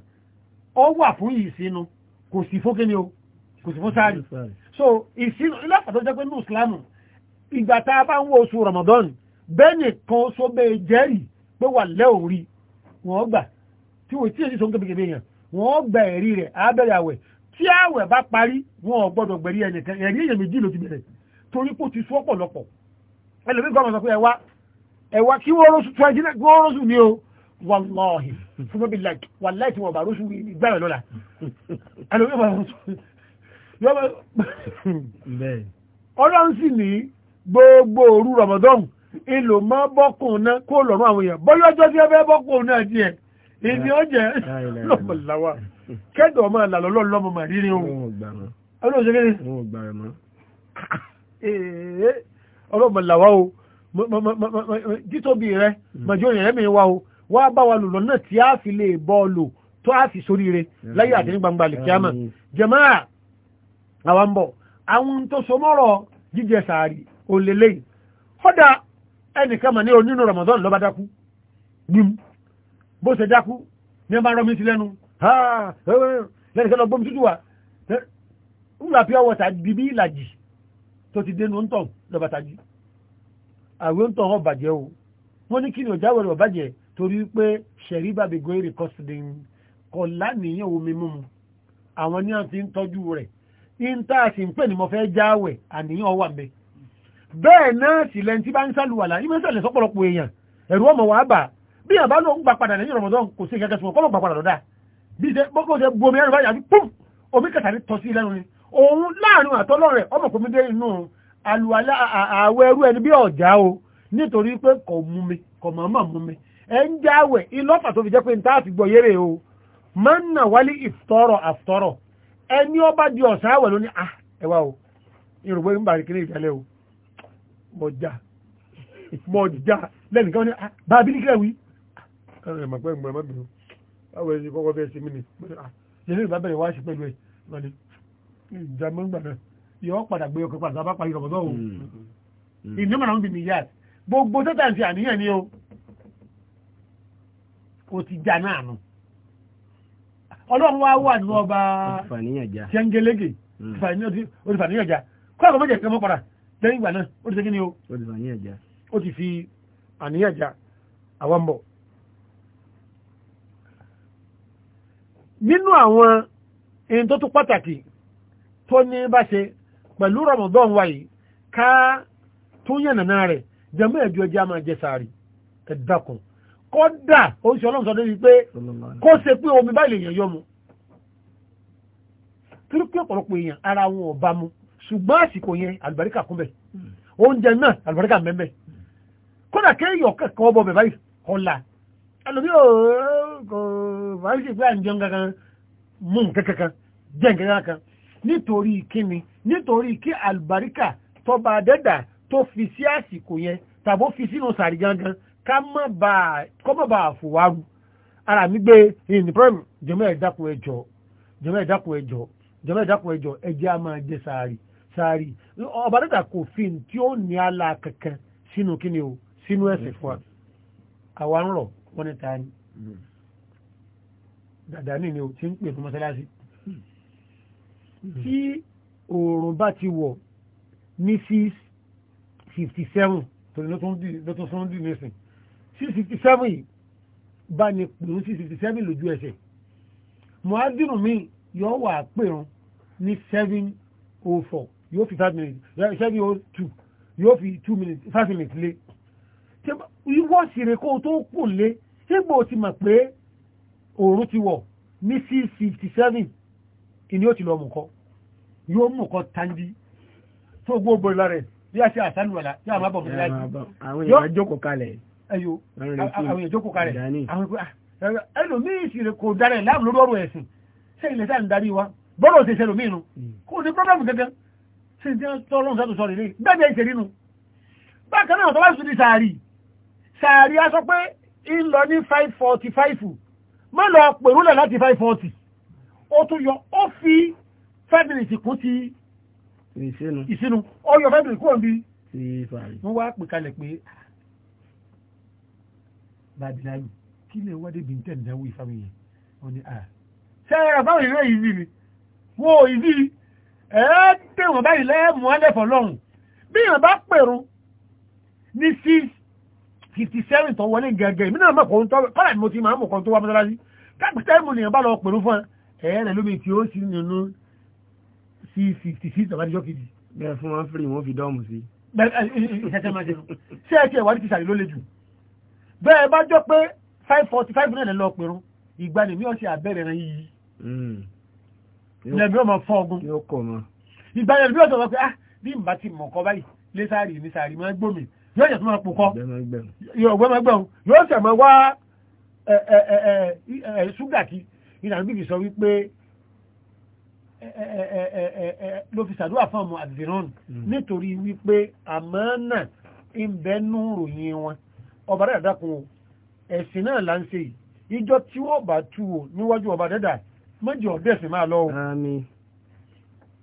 ó wà fún ìsinú kò sì fókè ni o kò sì fún sàárì so ìsìn ìlàpàá tó jẹ́ pé ní ìsìlámù ìgbà tá a bá ń wo oṣù Ramadan bẹ́ẹ̀ni kan so bẹ́ẹ̀ jẹ́rìí pé wà lẹ́ òrí wọ́n gbà tí wọ́n tí èsì so ń kébèkébè yẹn wọ́n gbà ẹ̀rí rẹ̀ abẹ́rẹ́ àwẹ̀ tí àwẹ̀ bá parí wọn ò gbọ́dọ̀ gbẹ̀rí ẹnìkan ẹ̀rí èyàn méjì ló ti bẹ̀rẹ̀ torí pé ó ti sún ọ̀pọ̀lọpọ̀ ẹlòmíì kan sọ pé ẹwà ẹwà kí wọ́n rọ́ṣù twenty nine wọ́n rọ́ṣù ni o wàláhì fún mi bí like wàláhì tí wọ́n bá rọ́ṣù ìgbà rẹ̀ lọ́la ọlọ́run sì ní gbogbo òru Ramadan ìlò mọ́ bọ́kùn náà kó lọ́rùn àwọn èèyàn bọ́yọ́ ọjọ́ tí ẹ fẹ́ bọ́kùn náà díẹ̀ ìní ọjẹ́ lọ́mọláwà kẹ́dọ̀ ọmọ àlàlọ́ lọ́mọ màrírí ohun ọlọ́mọláwà o títóbi rẹ màjọ́ hmm. rẹ̀ mi wá o wá bá wa lòlọ́ náà tí a fi lè bọ́ọ̀lù tó a fi sóríire láyé àti ní gbangba lè kíámà jàmáà àwọn bọ̀ àwọn tó so mọ́rọ̀ jíjẹ sàárì olèlé ọ̀dà ẹnìkan mà ní onínú Ramadan lọ́ba dákú gbìm bó ṣe dákú ní ẹ bá rọmi sí lẹ́nu lẹ́nìkan lọ gbómi tútù wa ńlá pure water di bí ìlàjì tó ti dénú ńtọ̀ lọ́ba tají àwọn ńtọ̀ ni ọjà wẹ̀rẹ̀ ọ̀bàjẹ́ torí pé ṣẹ̀rí ìntàṣì ń ni ní mo fẹ́ jáwẹ̀ àníyàn wà mẹ́ bẹ́ẹ̀ náà sì lẹ́n tí bá ń sálùwàlà ìmẹ́sẹ̀lẹ̀ sọ́pọ̀lọpọ̀ èèyàn ẹ̀rù ọmọ wà bà bí àbá ló ń gbà padà lẹ́yìn Ramadan kò sí kẹ́kẹ́ sùn kọ́mọ̀ gbà padà lọ́dà bí ṣe bọ́kọ̀ ṣe bu omi ẹ̀rù báyà sí pum omi kẹta ní tọ́ lẹ́nu ni òun láàrin àtọ́lọ́ rẹ̀ ọmọ kò mí dé inú àlùwàlà àwẹ̀ ẹrú ẹni bí ọ̀já o nítorí pé kò mú mi kò mọ̀ mọ̀ mú mi ẹ ń jáwẹ̀ ilọ́fà tó fi jẹ́ pé ń tá àfi gbọ́ yére o mọ́nà wálé ìfọ́rọ̀ àfọ́rọ̀ ẹni ọ bá di ọ̀sán àwẹ̀ lónìí à ah, ẹwà o ìrùgbé ń bàrí kiri ìtẹ́lẹ̀ o mọ̀já mọ̀já lẹ́nìkan ní ah, bábílì kẹwì ẹ̀rọ ìmọ̀ pẹ́ ìgbọ̀n mọ́bìnrin báwo ẹni kọ́kọ́ fẹ́ sí mi ni yẹlẹ́ ah, ìbá bẹ̀rẹ̀ wá sí pẹ̀lú ẹ̀ lọ́ni ìjà mọ́ gbà náà yọ padà gbé ọkọ̀ padà bá parí ọ̀bọ̀dọ̀ o mm. ìní mọ̀nà ń bì mí yá gbogbo tẹ́tà ń ti àníyàn já náà ọlọ́run wá wà ní ọba jẹ́ngẹ́lẹ́gì olùfàníyànjá kọ́ àkọ́ mọ́jẹ̀ kẹ́mọ́ padà lẹ́yìn ìgbà náà ó ti ṣe kí ni o ó ti fi àníyànjá àwọn ń bọ̀. nínú àwọn ẹni tó tún pàtàkì tó ní bá ṣe pẹ̀lú Ramadan wa yìí ká tún yànnàná rẹ̀ jẹ́mọ́ ẹ̀jọ́ ẹjẹ́ a máa jẹ sàárì ẹ̀dákùn kọ́dà oúnjẹ ọlọ́run sọ débi pé kó ṣe pé omi báyìí lèèyàn yọ mu torí pé ọ̀pọ̀lọpọ̀ èèyàn ara wọn ò bá mu ṣùgbọ́n àsìkò yẹn àlùbáríkà kún bẹ̀ oúnjẹ náà àlùbáríkà mẹ́mẹ́ kódà kéèyàn kẹ́kọ̀ọ́ bọ̀ bẹ̀ báyìí ọ̀la ẹlòmí ò kò báyìí ṣe pé à ń jẹun kankan mú nǹkan kankan jẹ nǹkan kankan nítorí kíni nítorí kí àlùbáríkà tọba adẹ́dà tó fi sí àsìkò yẹn tàbó fi sínú sàrí gangan kọ́mọ̀ bá fòwárù ara mi gbé ìní prime jọmọ ẹ̀dákun ẹjọ jọmọ ẹ̀dákun ẹjọ jọmọ ẹ̀dákun ẹjọ ẹjẹ a máa jẹ sáárì sáárì ọba dàda kò fi tí ó ní ala kankan sínú kíni o sínú ẹsẹ̀ fún wa àwa ń rọ̀ wọ́n ní ta ni dàdà ní ni o ti ń pè fún mọ́sálásí tí oòrùn bá ti wọ̀ ní six fifty seven torí ló tún dì ní sìn 667 yìí bá ní pèrún 667 lójú ẹsẹ̀ muhadiru mi yóò wà pèrún ní 704 yóò fi 5 minutes 702 eh, yóò fi 2 minutes 5 minutes lé ìwọ́ ṣìrè kó tó kù lé ṣégbò ti mọ̀ pé òòrùn ti wọ̀ ní 657 ìní ó ti lọ mùkọ́ yóò mùkọ́ tandi tó gbogbo ìlà rẹ̀ bí a ṣe àsánúwàlá tí a máa bọ̀ bọ̀ láti. àwọn èèyàn jókòó kalẹ̀ ẹyọ àwọn ìjókòó kalẹ̀ àwọn ìpè ah, ẹlòmíì sì kò darẹ̀ láàmú lórí ọ̀rọ̀ ẹ̀sìn ṣé ilẹ̀ sáà ń darí wa bọ́ọ̀lù ti ṣe ẹlòmíì nu hmm. kò ní pọ́blẹ́mù gẹ́gẹ́ ṣe ti tọ́lọ́run sọ́tún sọ rèé bẹ́ẹ̀ ni ìṣèlú nu bákan náà tó bá sùn ní sàárì sàárì a sọ pé ń lọ ní five forty five má lọ pèrú lẹ̀ láti five forty ó tún yọ ó fi five minutes kún ti ìsinu ó yọ five minutes kúrò níbi mo wá pè kalẹ̀ pé bàdìláyù kí lè wádìí bí n tẹ̀ náwó ìfàmì yẹn ó ní à. ṣé àbáwọn ìlú èyí ni wo ìdí ẹ tẹ̀wọ̀n báyìí lẹ́ẹ̀mú ẹlẹ́fọ̀ lọ́hùn bí yàn bá pẹ̀rù ní six fifty seven tó wọlé gẹ́gẹ́ ìmí náà mọ̀kàn tó kọ́lá mo ti máa ń tó wá mọ́tàlásí káàpì táìmù nìyàn bá lọ pẹ̀rù fún ẹ ẹ̀ rẹ̀ lómi tí ó sì nínú sí fifty six àbájọ́ kejì. bẹ́ẹ̀ fún wọn firi wọn fi dọ́ọ̀mù sí. ṣé ẹ ti ẹ̀wá ní ti sàrí ló le jù bẹ́ẹ̀ bá jọ pé five forty five náà lọ pẹ̀rún ìgbà lèmi ọ̀sẹ̀ àbẹ̀rẹ̀ rẹ̀ yìí lẹ́mi ọmọ fọ́ ọgún ìgbà lèmi ọ̀sẹ̀ wọ́n pé ah bí n bá ti mọ̀ kọ́ báyìí lé sáàrì ní sáàrì máa gbòmìn yóò yẹ̀ tó máa pò kọ́ yóò gbẹ́ máa gbẹ̀hún yóò sẹ̀ máa wá ṣúgà kí ìlànà bíbí sọ wípé ló fi ṣàdúrà fún ọmọ àdìrán nítorí wípé àmọ́ náà ń bẹ́ẹ̀ nú ròyìn wọn ọba dẹ́dà dákun ẹ̀sìn náà là ń ṣe yìí ìjọ tí wọ́n bá tú o níwájú ọba dẹ́dà méjì ọ̀dẹ́ ẹ̀sìn máa lọ o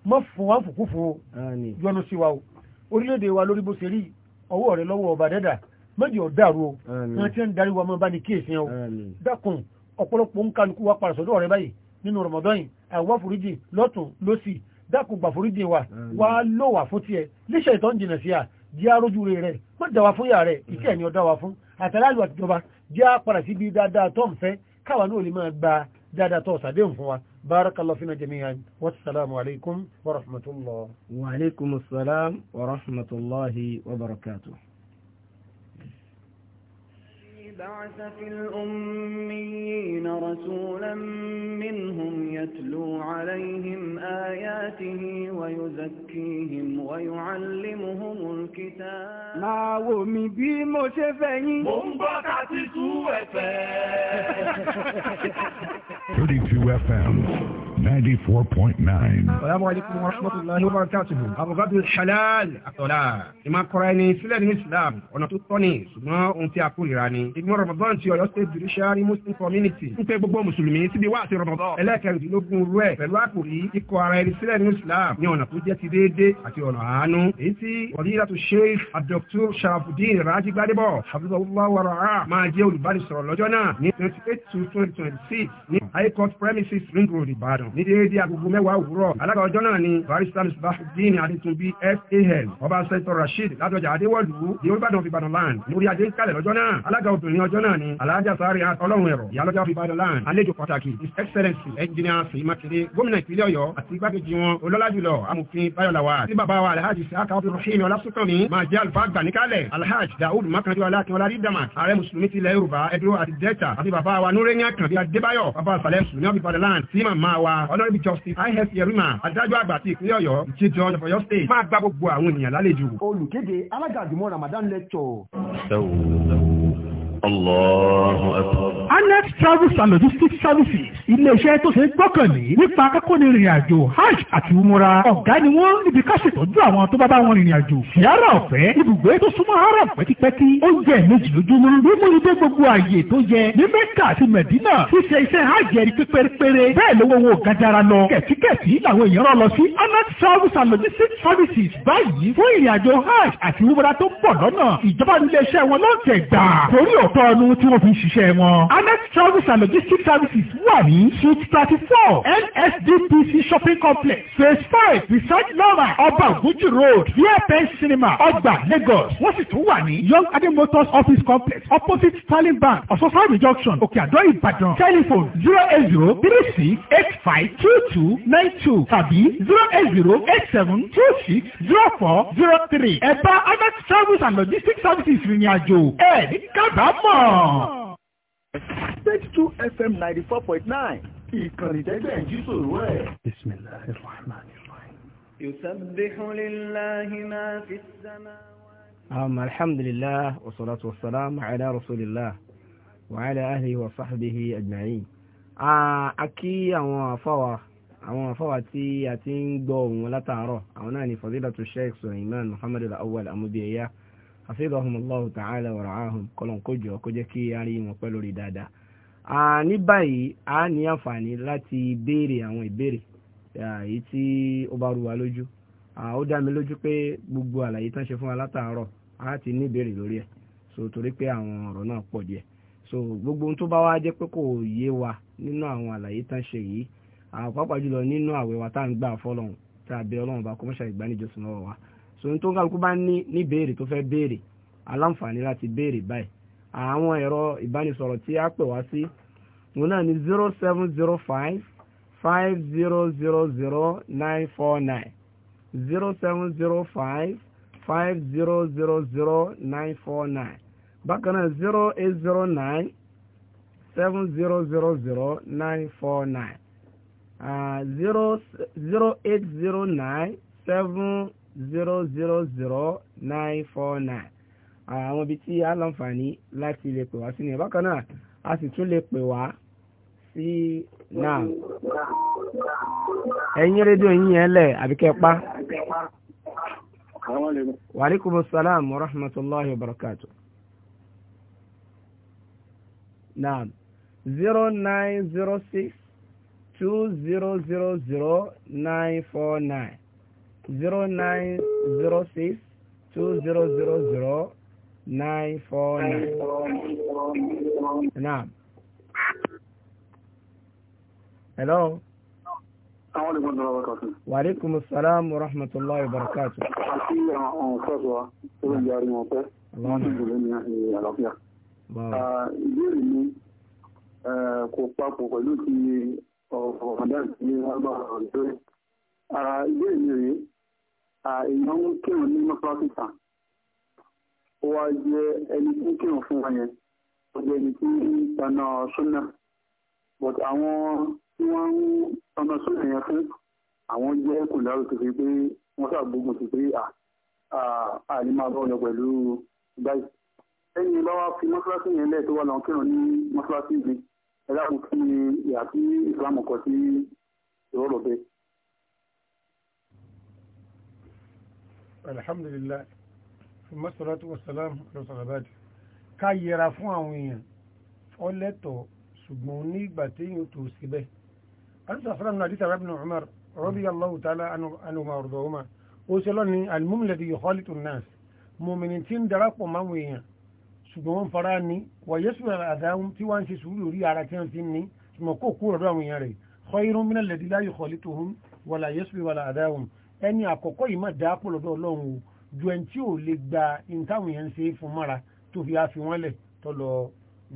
mọ́ fún wa fòkú fún o yọnu sí wa o orílẹ̀-èdè wa lórí bó ṣe rí ọwọ́ rẹ lọ́wọ́ ọba dẹ́dà méjì ọ̀dàrú o wọn ti ń darí wa mọ́ bá ní kíyèsí o dákun ọ̀pọ̀lọpọ̀ ń kálukú wa padà sọ́dọ̀ rẹ báyìí nínú rọmọdọ́yìn àwọn àforíjì lọ́tún lọ́sì dákun gbàforíjì wa wàá lọ́wà fún tiẹ̀ níṣẹ́ ìtọ́ ń jìnà sí à jẹ́ arójú rẹ̀ rẹ̀ mọ́ dáwà fún yà rẹ̀ ìkẹ́ ẹ̀ni ọ̀dáwà fún àtàláàlù àtijọba jẹ́ apàdà sí bí dáadáa tó ń fẹ́ káwa náà lè máa gba dáadáa tó ṣàdéhùn fún wa barakallahu fina jami'an wassalamu alaikum wa rahmatullah wa alaikum assalam wa rahmatullahi wa barakatuh بعث في الأميين رسولا منهم يتلو عليهم آياته ويزكيهم ويعلمهم الكتاب máa wò mí bí mo ṣe fẹ́ yín. mo ń bọ́ kàtí tú 32 FM. 94.9. Assalamu alaykum wa rahmatullahi wa barakatuh. Àbùgádù ṣàlàyé àtọ̀lá. Ìmọ̀ kọ́ra ẹni sílẹ̀ ní Islam, ọ̀nà tó tọ́ ni, ṣùgbọ́n ohun tí a kórìíra ni. Ìgbìmọ̀ Ramadan ti Ọ̀yọ́ State Judiciary Muslim Community ń pè gbogbo Mùsùlùmí síbi wá àti Ramadan. Ẹlẹ́kẹrìndínlógún rú ẹ̀ pẹ̀lú àkòrí ikọ̀ ara ẹni sílẹ̀ ní Islam ní ọ̀nà tó jẹ́ ti déédé àti ọ̀nà àánú. Èyí tí Wàdíyàtò Sheikh Abdul Sharafuddin Raji Gbadebo, Abdullahi Waraha máa jẹ́ olùbánisọ̀rọ̀ lọ́jọ́ náà ní twenty eight ní High Court premises Ring Road Ìbàdàn ní déédé agogo mẹ́wàá òwúrọ̀ alága ọjọ́ náà ni barista Musbahdeen Adétúnbí FAL ọba sẹ́tọ̀ Rasheed ládọjà Adéwọ̀lú ní Olúbàdàn fìbàdàn land ní orí adé ń kalẹ̀ lọ́jọ́ náà alága obìnrin ọjọ́ náà ni alájà sáré ọlọ́run ẹ̀rọ ìyálọ́jà fìbàdàn land àlejò pàtàkì his excellency engineer sí makinde gómìnà ìpínlẹ̀ Ọ̀yọ́ àti igbákejì wọn olólàjùlọ amòfin bayọ̀làwà wa alhaji bàbá wa nurenya kàbí ọlọ́rìbí justice is yerima adájọ́ àgbà ti ìpínlẹ̀ ọ̀yọ́ ìkéde ọjọ́ fọyọ́ state máa gba gbogbo àwọn ènìyàn lálejò. olùkéde alága àjùmọ̀ ramadan lecture. Allahu Akbar. Anet Travels and Logistics Services ilé-iṣẹ́ tó ṣe gbọ́kànlé nípa akẹ́kọ̀ọ́ni ìrìn àjò Hajj àti Umura. Ọ̀gá ni wọ́n níbi ká ṣètọ́jú àwọn tó bá bá wọn rìnrìn àjò. Ṣìyára ọ̀fẹ́ ibùgbé tó súnmọ́ ara pẹ́kípẹ́kí. Oúnjẹ méjì lójúmọ́. Mímúni dé gbogbo ààyè tó yẹ ní Mẹ́kà àti Mẹ̀dínà. Ṣíṣe iṣẹ́ Hajj ẹni pépérépéré. Bẹ́ẹ̀ ló wọ́wọ́ gajara lọ. Kẹ̀tíkẹ̀tí làwọn èèyàn rán lọ sí Anet Travels and Logistics Services báyìí fún ìrìn àjò Hajj àti Umura tó pọ̀ lọ́nà. Ìjọba ilé iṣẹ́ wọn ló ń tẹ̀ tọ́ ọnú tí wọ́n fi ṣiṣẹ́ wọn. Amex Travels and Logistics Services wà ní Suite thirty four NSDPC Shopping Complex Phase five Research Lover Ọba Ògúnjì Road VFN Cinema Ọgbà Lagos. Wọ́n sì tún wà ní Young Adé Motors Office Complex opposite Sterling Bank Ososani Junction Òkè Àdó Ìbàdàn. Telephone zero eight zero three six eight five two two nine two tàbí zero eight zero eight seven two six zero four zero three. Ẹ̀bá Amex Travels and Logistics Services rìnrìn àjò ẹ̀ ní kábàámọ̀ mọ̀. stage two fm ninety four point nine ìkànnì tẹ́tẹ́ ìjú sòrò ẹ̀. bisimilahi rahman rahim. yusabbihu lillahi ma fi sama. Um, alhamdulilah wa salatu wa salam ala rasulillah wa ala ahlihi wa sahbihi ajma'in. a kí àwọn afáwa àwọn àfáwà tí a ti ń gbọ́ ohùn látàárọ̀ àwọn náà ni fadilatu sheikh suleiman muhammadu al-awwal hafidhahumullahu ta'ala wa ra'ahum kọ́lọ́n kójọ kó jẹ́ kí a rí wọn pẹ́ lórí dáadáa. ní báyìí a ní àǹfààní láti béèrè àwọn ìbéèrè èyí tí ó bá rú wa lójú ó dá mi lójú pé gbogbo àlàyé tán ṣe fún wa látàárọ̀ a ti ní ìbéèrè lórí ẹ̀ so torí pé àwọn ọ̀rọ̀ náà pọ̀ díẹ̀ so gbogbo ohun tó bá wá jẹ́ pé kò yé wa nínú àwọn àlàyé tán ṣe yìí pàápàá jùlọ nínú àwẹ̀ wa tá à ń gbà fọlọ́run sòun tó ń kálukú bá ní ní béèrè tó fẹ́ béèrè aláǹfààní láti béèrè báyìí àwọn ẹ̀rọ ìbánisọ̀rọ̀ tí a pè wá sí òun náà ní zero seven zero five five zero zero zero nine four nine zero seven zero five five zero zero zero nine four nine bákan náà zero eight zero nine seven zero zero zero nine four nine ah, zero zero eight zero nine seven. zero zero zero nine four nine àwọn ibi tí a láǹfààní láti lè pè wá sí ni bákan náà a sì tún lè pè wá sí náà ẹ̀yin rédíò yín yẹn lẹ̀ àbíkẹ́ pa. salam wa rahmatullahi wa barakatuh. Naam. 0906 zero nine zero six two zero zero zero nine four nine. naam. hello. wa aleykum salaam wa rahmatulahi wa barakatu. àti mi eh, kò papọ̀ pẹ̀lú ti ọ̀rọ̀ ọ̀dà ìdílé agbára ọ̀dọ́ ah, ìbéèrè mi rèé èèyàn ń kírun ní mọ́sálásí kan ó wá jẹ́ ẹni tí ń kírun fún wọn yẹn ẹni tí ń tanná but àwọn tí wọ́n ń tanná súnà yẹn fún àwọn jẹ́ kò lárò tó fi pé wọ́n ṣàgbógun sí pé àlè máa bá ọyọ pẹ̀lú báyìí ẹni bá wá fi mọ́sálásí yẹn lẹ̀ tó wà lọ́n kírun ní mọ́sálásí mi ẹ dákun kí ìyá sí ìsìlámù sí ìrọ̀rọ̀ alhamdulillah mọ́sọ̀rọ̀tò wasalam lọ́sọ̀rọ̀bájì ká yẹra fún àwọn èèyàn ọlẹ́tọ̀ ṣùgbọ́n ní ìgbà tí yóò tó síbẹ̀ alisa salam na hadith ibn umar radiyallahu ta'ala anhu ma ọ̀rọ̀dọ̀ ọmọ ó ṣe lọ́ni alimúmìlẹ̀dì yukhalitu nas mọ̀mìnì tí ń darapọ̀ máwọn èèyàn ṣùgbọ́n wọn fara ní wàyẹ́sù àdáhùn tí wọ́n ń ṣe sùúrù rí ara tí wọ́n ti ní ṣùgbọ́n kó kúrò lọ́dọ̀ àwọn èèyàn rẹ̀ khayrun minalladhi la yukhalitu hum wala yasbi wala àdáhùn ẹni àkọ́kọ́ yìí má dáa pọ̀ lọ́dọ̀ ọlọ́run o ju ẹni tí ò lè gba ìtàwọn yẹn ń ṣe fún mọ́ra tó fi àfi wọ́n lẹ̀ tó lọ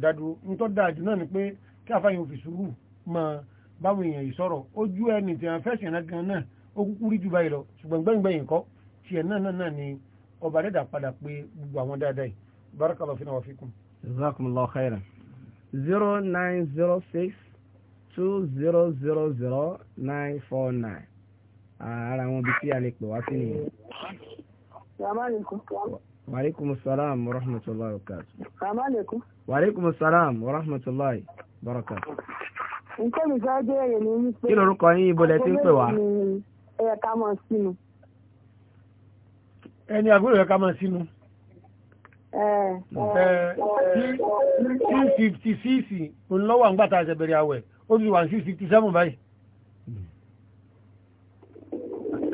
dádúró nítọ́ dáa jù náà ni pé kí àfáyín òfin sùúrù mọ báwọn èèyàn yìí sọ̀rọ̀ ojú ẹni tí wọ́n fẹ́ sìn náà gan náà ó kúkú rí jù báyìí lọ ṣùgbọ́n gbẹ̀yìngbẹ̀yìn kọ́ tiẹ̀ náà náà ni ọba dẹ́dà padà pé gbogbo àwọn dáadáa yìí khairan zero nine zero six two zero zero zero nine four nine ara wọn bí tí a lè pè wá sí nìyẹn. Wàríkùmù sàlám warahmatullahi wabarakatuh. Sàmálẹ̀kùn. Wàríkùmù sàlám warahmatullahi wabarakatuh. Nǹkan mi sọ bẹ́ẹ̀rẹ̀ ni wípé. Kí lorúkọ yín ibo lẹ ti ń pè wá? Ẹyẹ ká mọ̀ sínú. Ẹni àgbélò ẹ̀ka mọ̀ sínú. Two fifty six òun lọ́wọ́ àǹgbàtà àṣẹbẹ̀rẹ̀ àwẹ̀ ó ti wà six fifty seven báyìí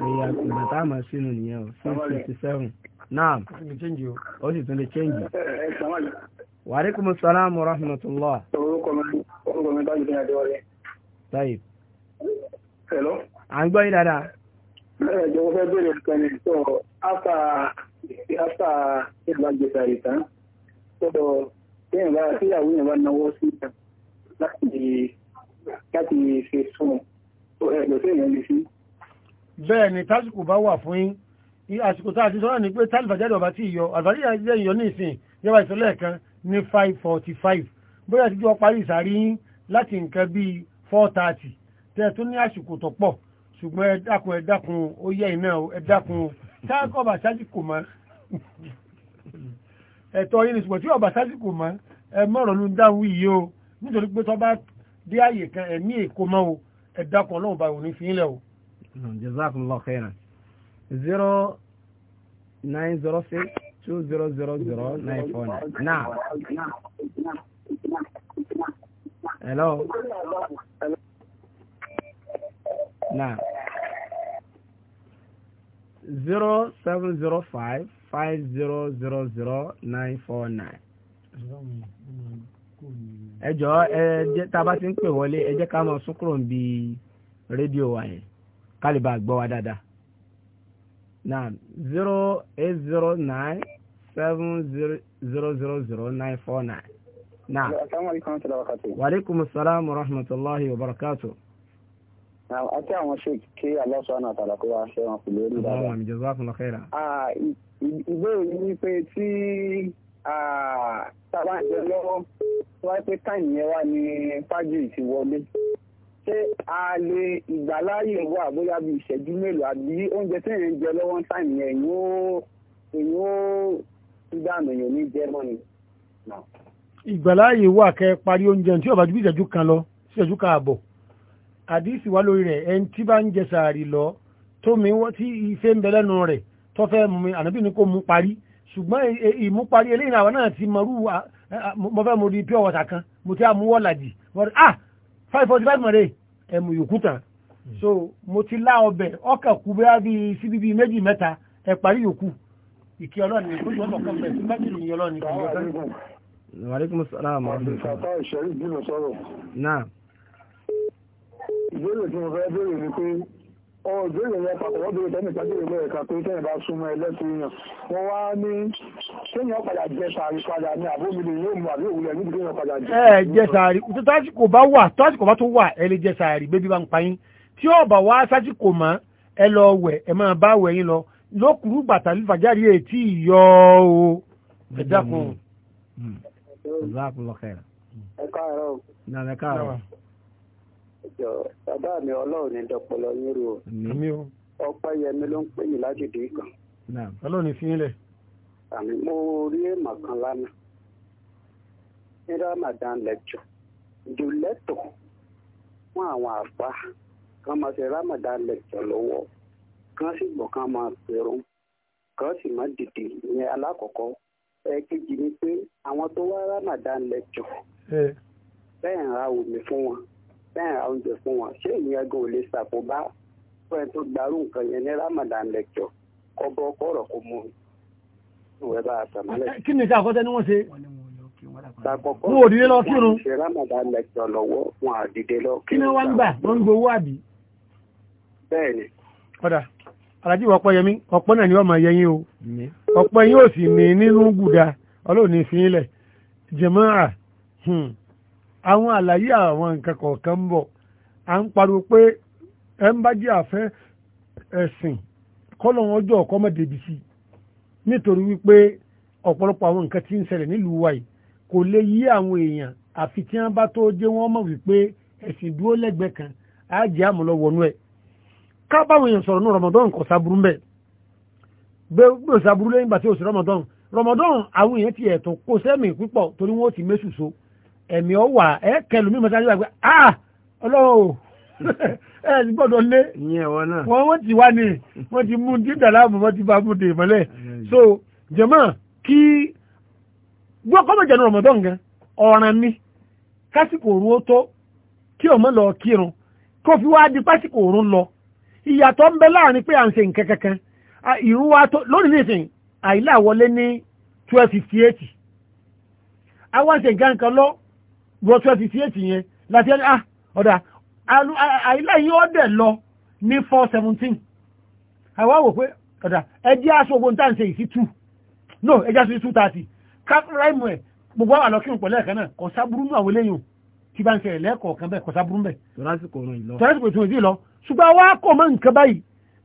ẹ̀yà ìgbà tá a máa sínú nìyẹn o six fifty seven naam ó sì tún lè change. wàhálẹ́kùn sàlám wa rahmatulah. orúkọ mi orúkọ mi báyìí ní adéwálé. taib. hello. à ń gbọ́ yín dáadáa. bẹ́ẹ̀ jọ̀wọ́ fẹ́ bẹ̀rẹ̀ nǹkan ni so after after ìgbà gbèsè àìsàn so téèyàn bá tíyàwó yẹn bá náwó sí láti láti fi sùn ẹ̀ẹ́dọ̀sẹ̀ yẹn lè fi bẹ́ẹ̀ ni tásìkò bá wà fún yín àsìkò tá a ti sọ́nà ní pé tálífàjáde ọba tí ìyọ àlùfàjáde àjíjẹ́ ìyọ ní ìsìn ìjọba ìsọ́lẹ̀ kan ní 545 bóyá ti jọ parí ìsàrí yín láti nǹkan bíi 430 tẹ́ tó ní àsìkò tó pọ̀ ṣùgbọ́n ẹ dákun ẹ dákun ó yẹ iná ẹ dákun táàkọ̀ ọba sásìkò mọ́ ẹ̀tọ́ yín ni ṣùgbọ́n tí ọba sásìkò mọ́ ẹ mọ̀rọ̀ ló ń dáhùn yìí o nítorí pé tọ́ bá dé àyè kan ẹ̀mí èkó mọ́ o ẹ ọlọ́run bá òun ní fi ń lẹ̀ o jazakumullahu khairan zero nine zero six two zero zero zero nine four nine now. hello. now. zero seven zero five five zero zero zero nine four nine. ẹ jọ̀ọ́ ẹ jẹ́ tá a bá ti ń pè wọlé ẹ jẹ́ ká máa sún kúrò ń bi rédíò wa yẹn. kaliba gbọ́ dada, na zero na waaleykum salaam wa rahmatulahi wa barakatu. na àwọn sheik kí Allah subhanahu wa ta'ala kó wa ṣe wọn kò lórí dáadáa. àwọn àmì jazakumullahu khairan. ìbéèrè ni pé tí tábà ń jẹ lọ́wọ́ ti ṣé a lè ìgbàláyè wà bóyá bí ìṣẹ́jú mélòó àbí oúnjẹ tí èèyàn ń jẹ lọ́wọ́ táìmì ẹ̀yìn ó èyí ó dànù èèyàn ní jẹ́ mọ́ni. ìgbàláyè wà kẹ́ parí oúnjẹ tí ó bá ju bí ìṣẹ́jú kan lọ ìṣẹ́jú kan àbọ̀ àdísì wá lórí rẹ̀ ẹni tí bá ń jẹ sàárì lọ tómi tí ife ń bẹ lẹ́nu rẹ̀ tó fẹ́ mú mi ànábì ni kò mú parí ṣùgbọ́n ìmúparí eléyìí àwọn náà ti mọ̀rú mo fẹ́ mo di pure water kan mo ti àmúwọ́ làjì wọ́n rí ah five forty five mọ̀rẹ́ ẹ̀mù yòókù hmm. so mo ti lá ọbẹ̀ ọkà kú bẹ́ẹ̀ bí síbí bíi méjì mẹ́ta ẹ̀ parí yòókù ìkí ọlọ́ọ̀ni kó jù ọ̀sán kan bẹ̀ sí méjì ní ni pé ọ̀ọ́ ìbéèrè yẹn pàtàkì wọ́n súnmọ́ ẹlẹ́sìn yàn wọ́n wá ní kéèyàn padà jẹ sàárì padà ní àbómi yóò mú àbí òwúlẹ̀ níbi kéèyàn padà jẹ. ẹ jẹ sàárì tásìkò bá wà tásìkò bá tó wà ẹ lè jẹ sàárì bébí bá ń pa yín tí ó bá wá sásìkò mọ́ ẹ lọ wẹ̀ ẹ máa bá wẹ̀ yín lọ lókùrú bàtà lífàjárí ètí ìyọ o ẹ dákun. ẹ káàárọ̀ o. ẹ káàárọ̀ jọ bàbá mi ọlọ́run ní dọ̀pọ̀lọ́ yín rò ó ọpẹ́ yẹmi ló ń pè yín láti dì í kan. ọlọ́run ní fi yín lẹ̀. àmì mo rí èèmọ̀ kan lánàá ní Ramadan lecture jù fún àwọn àfa kan máa ṣe Ramadan lecture lọ́wọ́ kan sì gbọ́ kan máa pẹ̀rùn kan sì máa dìde ní alákọ̀ọ́kọ́ ẹ̀ẹ́kejì ni pé àwọn tó wá Ramadan lecture bẹ́ẹ̀ ń ra omi fún wọn bẹ́ẹ̀ ń ra oúnjẹ fún wọn ṣé ìyẹn gan ò lè ṣàkóbá fún ẹ tó gbarú nǹkan yẹn ní Ramadan lecture kọ́ bọ́ kọ́rọ̀ kó mú un. kí ni ìta àkọ́tẹ́ ni wọ́n ṣe tàkọ́kọ́ wọ́n òdìdé lọ kí ni wọ́n ń gbà wọ́n ń gbowó àbí. bẹ́ẹ̀ni. alájí ọ̀pọ̀ yẹmí ọ̀pọ̀ náà ni o ọ̀pọ̀ yóò sì ní nínú ọlọ́ọ̀ni jẹ̀mọ́ra hmm, àwọn àlàyé àwọn nǹkan kọ̀ọ̀kan ń bọ̀ à ń pariwo pé ẹ ń bá jẹ́ àfẹ́ ẹ̀sìn ọjọ́ nítorí wípé ọ̀pọ̀lọpọ̀ àwọn nǹkan tí ń ṣẹlẹ̀ nílùú wa yìí kò lè yí àwọn èèyàn àfi tí wọ́n bá tó jẹ́ wọ́n mọ̀ wípé ẹ̀sìn dúró lẹ́gbẹ̀ẹ́ kan á jẹ́ àmúlọ wọnú ẹ̀ ká báwọn èèyàn sọ̀rọ̀ ní Ramadan kò sábúrú mbẹ̀ gbé sábúrú lẹ́yìn gbàtí òsì Ramadan Ramadan àwọn èèyàn ti ẹ̀tọ́ kó sẹ́mi púpọ̀ torí wọ́n ti mẹ́sù so ẹ̀mí ọ̀wà ẹ̀kẹ́lùmí mọ́tàlá ẹ ní lé wọ́n wọ́n ti wá ní wọ́n ti mú dídà láàbù wọ́n ti bá mú dè mọ́lẹ̀ so jẹ̀mọ́ kí gbọ́ kọ́mọ̀ jẹ̀nu rọ̀mọ̀dọ́n gan ọ̀ràn mi kásìkò òru ó tó kí ọmọ lọ kírun kó fi wá di pásìkò òru lọ ìyàtọ̀ ń bẹ láàrin pé à ń ṣe nǹkan kankan ìrú wa tó lónìí nìsín àìlà wọlé ní twelve fifty eight àwọn ṣe nǹkan kan lọ wọ twelve fifty eight yẹn láti ẹni ah ọ̀dà àìlẹ́yìn ọdẹ lọ ní 417 àwa wò pé ọ̀dà ẹjẹ́ aṣọ ogun tá à ń ṣe ìsí 2 no ẹjẹ́ aṣọ ìsí 230 kápẹ́ráìmù ẹ̀ gbogbo àwọn àlọ́kírun pẹ̀lú ẹ̀kan náà kò sábúrú nù àwọn eléyìn tí bá ń ṣe ẹ̀lẹ́kọ̀ọ́ kan bẹ́ẹ̀ kò sábúrú bẹ́ẹ̀. tọ́lásìkò ìtún ìlọ ṣùgbọ́n wa kò mọ nǹkan báyìí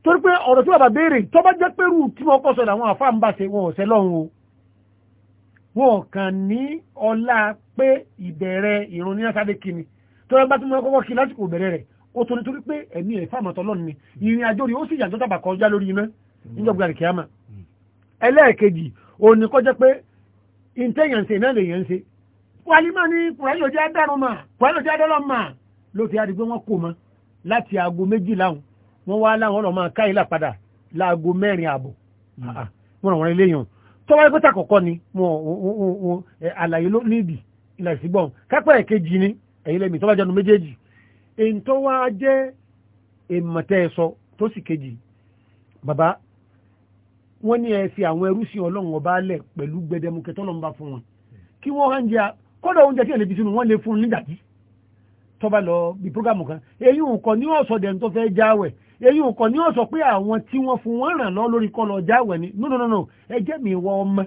torí pé ọ̀rọ̀ tí bàbá béèrè tó bá jẹ́ pẹ́rù tí wọ́n kọ́ sọ̀rọ̀ àwọn àfáà ń bá ṣe wọn ọ̀sẹ̀ lọ́run o wọn kàn ní ọlá pé ìbẹ̀rẹ̀ ìrun ní sáré kìíní tó ẹgbá tó mọ́ kọ́kọ́ kí lásìkò bẹ̀rẹ̀ rẹ̀ ó tó nítorí pé ẹ̀mí ẹ̀ fáàmọ̀tọ́lọ́n ni ìrìn àjò rí ó sì yàtọ̀ tàbà kọjá lórí iná níjọba kìámà ẹlẹ́ẹ̀kejì òní kọjá pé ìntẹ́yànṣe náà lèyàn ṣe wàlímọ̀ ni kùrẹ́lì òjẹ́ adárun mà kùrẹ́lì òjẹ́ adọ́lọ́n mà ló ti adigbé wọn kò mọ́ láti aago méjì láwọn wọn wá láwọn ọlọ́mọ káyìlá padà láago mẹ́rin ààbọ̀ hmm. wọn àwọn eléyàn tọ́wọ́ ẹgbẹ́ta kọ̀ọ̀kan ni wọn àlàyé ló níbi ìlàsígbọ̀n kápẹ́ ẹ̀kejì ni ẹ̀yin lẹ́mìí tó bá jẹ́nu méjèèjì èyí tó wá jẹ́ èmọ̀tẹ́ ẹ̀sọ tó sì kejì bàbá wọ́n ní ẹ fi àwọn ẹrú sí ọlọ́run ọba alẹ̀ pẹ̀lú gbẹdẹmukẹ tọ́lọ́run bá fún wọn kí wọ́n hàn jẹ́ kọ́dọ̀ oúnjẹ tí ẹ̀lẹ́bí sínú wọ́n lè fún un tó bá lọ bí prógámù kan èyí nǹkan ní ọ̀sọ̀ dẹ̀ tó fẹ́ jáwẹ̀ èyí nǹkan ní ọ̀sọ̀ pé àwọn tí wọ́n fún wọn ràn lọ lórí kọlọ jáwẹ̀ ni no no no no ẹjẹ́ mi wọ ọmọ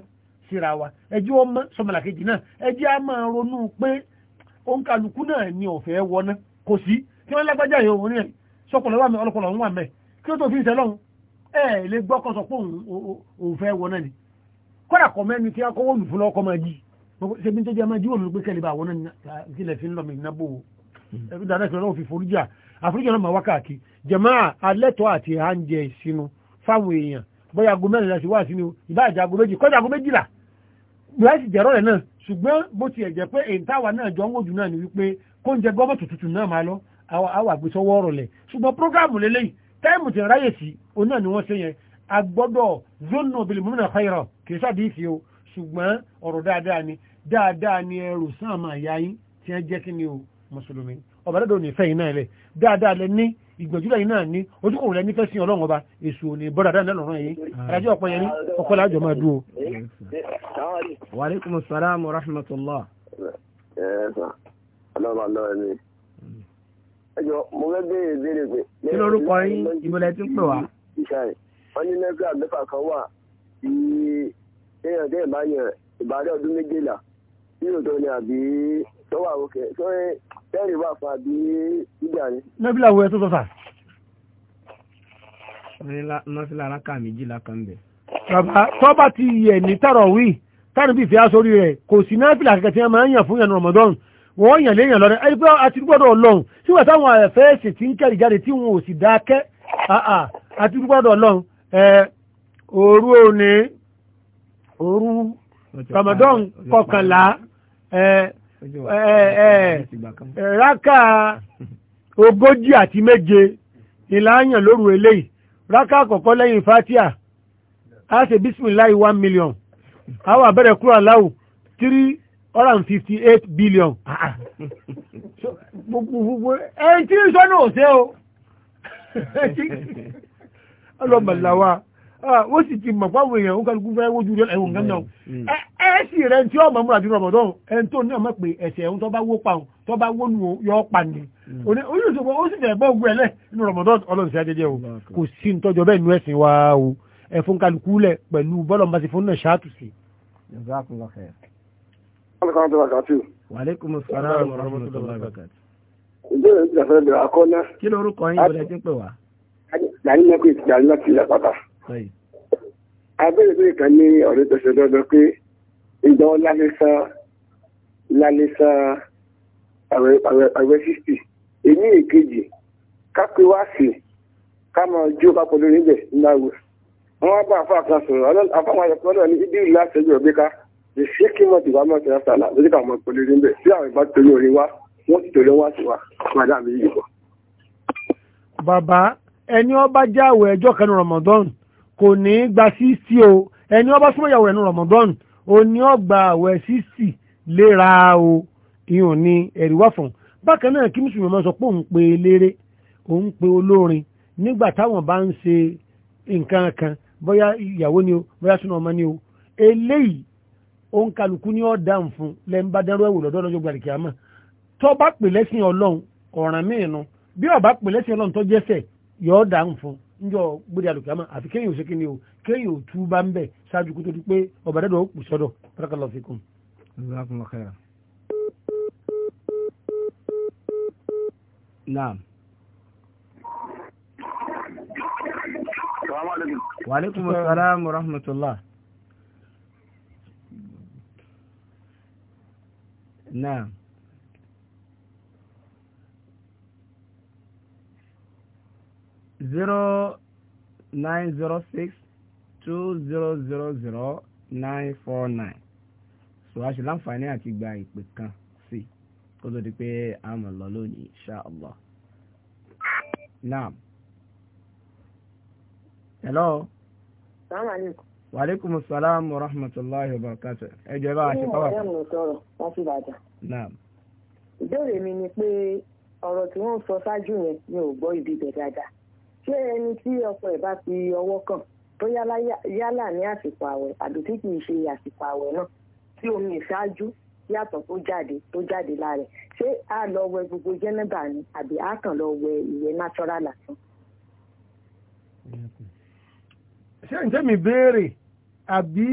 síra wa ẹjẹ́ ọmọ sọmọlàkejì náà ẹjẹ́ á máa ronú pé òun kálukú náà ni ọ̀fẹ́ wọná kò sí kí wọ́n lágbájá yẹn òun rí ẹ̀ sọpọlọ wà mí ọlọpọlọ òun wà mẹ́ kí ó tó fi ń sẹ́lọ́hún ẹ lè gbọ́ kan sọ pé òun fẹ́ wọná ni kọ́dà kọ́ mẹ́ni tí akọ́wọ́ mi fún lọ́kọ́ máa jí ṣebí tó jẹ́ máa jí òun pé kẹ́lẹ́ bá wọná kílẹ̀ fi ń lọ mi nábò hmm. dáadáa ìṣẹ̀lẹ̀ náà fi foríjà àforíjà náà máa wá káàkiri láìsí jẹ́rọ̀ rẹ̀ náà ṣùgbọ́n bó ti ẹ̀jẹ̀ pé èyí táwa náà jọ ń wòjú náà ni wípé kó ń jẹ gọ́ọ̀mọ̀tò tuntun náà máa lọ àwọn àgbésọwọ́ ọ̀rọ̀ lẹ̀ ṣùgbọ́n prógáàmù lélẹ́yìn táìmù ti ráyè sí òun náà ni wọ́n ṣe yẹn agbọ́dọ̀ zónà bil mu'mina khayra kìí sáà o ṣùgbọ́n ọ̀rọ̀ dáadáa ni dáadáa ni ẹrù sáà máa yá yín tí wọ́n jẹ́ kí ni o mùsùlùmí ọ̀bàdàdọ̀ ní fẹ́ náà lẹ̀ dáadáa lẹ ní ìgbẹ̀júlẹ̀ yìí náà ní ojúkòrò rẹ̀ nífẹ́ sí ọlọ́run ọba èṣù òní bọ́dà dáadáa lọ́rùn ẹ̀yìn àdájọ́ ọ̀pọ̀ yẹn ní ọkọ̀ láàjọ máa dúró. wa alaikum salaam wa rahmatullah. ẹjọ́ mo fẹ́ béèrè béèrè pé. kí lórúkọ yín ìmọ̀lẹ̀ tí ń pè wá. wọ́n ní nẹ́fẹ́ àgbẹ̀fà kan wà tí èèyàn tẹ́ ìbáyẹn ìbárẹ́ ọdún méjìlá nínú tó ní àbí tó wà òkè tó sẹ́rì wà pàdé ìgbà yẹn. nọ́bílà wo ẹ tó sọ́sà. nọ́sílà aráka méjìlá kan bẹ̀. bàbá tọ́ba ti yẹ ní tàrọ̀wì tàbí bí ìfẹ́ sórí rẹ̀ kò sí nọ́bílà kẹ̀kẹ́ tí wọ́n máa ń yàn fún yàn rọmọdọ́n wọ́n yàn léyàn lọ́rẹ́ ẹni pé àti gbọ́dọ̀ ọlọ́run tí wọ́n táwọn ẹ̀fẹ́ ẹ̀sìn ti ń kẹ́rì jáde tí wọn ò sì dákẹ́ àti gbọ́dọ̀ ọlọ́run òru òní òru rọmọdọ́n kọkànlá Eh, eh, eh. rákà ogójì àti méje ìlànà lóru eléyìí raka àkọ́kọ́ lẹ́yìn fatia a ṣe bisimilayi one million a wà bẹ̀rẹ̀ kúrò aláwù three hundred and fifty eight billion. Ah, ah. ẹni tí ń sọ́nà òṣè o ọlọ́mọláwa ó ah, sì ti mọ̀ fáwọn èèyàn ó kálukú fẹ́ wojú ẹ̀wọ̀n gánà ẹ̀sì rẹ̀ tí ọmọ múra bí rọmọdún ẹn tó ní ọmọ pé ẹ̀sẹ̀ ẹ̀hún tó bá wó pa tó bá wó nu yọ pa ni olùsọ̀gbọ́n mm. ó sì fẹ́ bọ́ ogun ẹlẹ́ inú rọmọdún ọlọ́run sí ajẹjẹ o kò sí ní tọ́jọ́ bẹ́ẹ̀ nu ẹ̀sìn wa o ẹ̀ fún kálukú lẹ̀ pẹ̀lú bọ́lọ̀ mbàṣẹ fún náà ṣáàtù sí. ìbéèrè ìjàfẹ́ bẹ̀rẹ̀ akọ́ná. kí ló bẹ́ẹ̀ kan ní ọ̀rẹ́ tẹ̀sẹ̀ lọ́dọ̀ pé ìgbà wọn lálẹ́ san lálẹ́ san àwẹ̀ sixty èmi èkejì kápẹ́ wá sí ká máa jó papọ̀ lórí ibẹ̀ ńláwó wọn wá bá àfáà kan sọ̀rọ̀ àfáwọn àyẹ̀kọ́ náà ní ibi ìlú àṣẹjù ọ̀gbẹ́ ká lè ṣe kí mọ̀ tìwá mọ̀ tìwá sàlà lórí káwọn ọmọ ìpolówó ń bẹ̀ sí àwọn ìbá torí orin wa wọ́n ti torí wá sí wa fún yìí bọ̀. bàbá ẹni ọba jáwèé ẹjọ́ kẹnu Ramadan kò ní í gba sí sí o ẹni ọba súnmọ́ ìyàwó ẹnu Ramadan òní ọgbà àwẹ̀ sísì léra o ìhùn ni ẹ̀rí wá fún un bákan náà kí mùsùlùmí máa sọ pé òun pe eléré òun pe olórin nígbà táwọn bá ń ṣe nǹkan kan bóyá ìyàwó ni o bóyá súnà ọmọ ni o eléyìí òun kálukú ni ó dáhùn fún lẹ́nu bá dẹ́rù ẹ̀wò lọ́dọ́ lọ́jọ́ gbàdìkì àmọ́ tó bá pè lẹ́sìn ọlọ́run ọ̀ràn míì bí ó pè lẹ́sìn ọlọ́run tó jẹ́sẹ̀ yọ̀ọ́ dáhùn fún níjọ́ gbọ́dọ̀ àlùkò àmọ́ àfi kéèyàn ni o kéyìn ò tú bá ń bẹ̀ ṣáájú kó tó di pé ọba dẹ́dọ̀ ó pù sọ́dọ̀ barakallahu fikum. naam. wa alaikum wa rahmatullah. naam. zero nine zero six 2000949 so a ṣe láǹfààní àti gba ìpè kan sí kó tó di pé a mọ̀ lọ lónìí inshallah naam hello salaam aleykum wa salamu salaam wa rahmatulahi wa barakatuh ẹ jẹ́ bá a ṣe pàwọ́. ọ̀rẹ́ mi sọ̀rọ̀ wọ́n sì naam. ìbéèrè mi ni pé ọ̀rọ̀ tí wọ́n sọ ṣáájú yẹn ò ibi dáadáa ṣé ẹni tí ọkọ ẹ̀ bá fi ọwọ́ tó yálà ní àsìkò àwẹ̀ àbí tí kì í ṣe àsìkò àwẹ̀ náà tí omi ìṣáájú yàtọ̀ tó jáde tó jáde lára ẹ̀ ṣé a lọ wẹ gbogbo jẹ́nẹ́bà ni àbí a kàn lọ wẹ ìwẹ̀ natural lásán. ṣé ǹjẹ́ mi béèrè àbí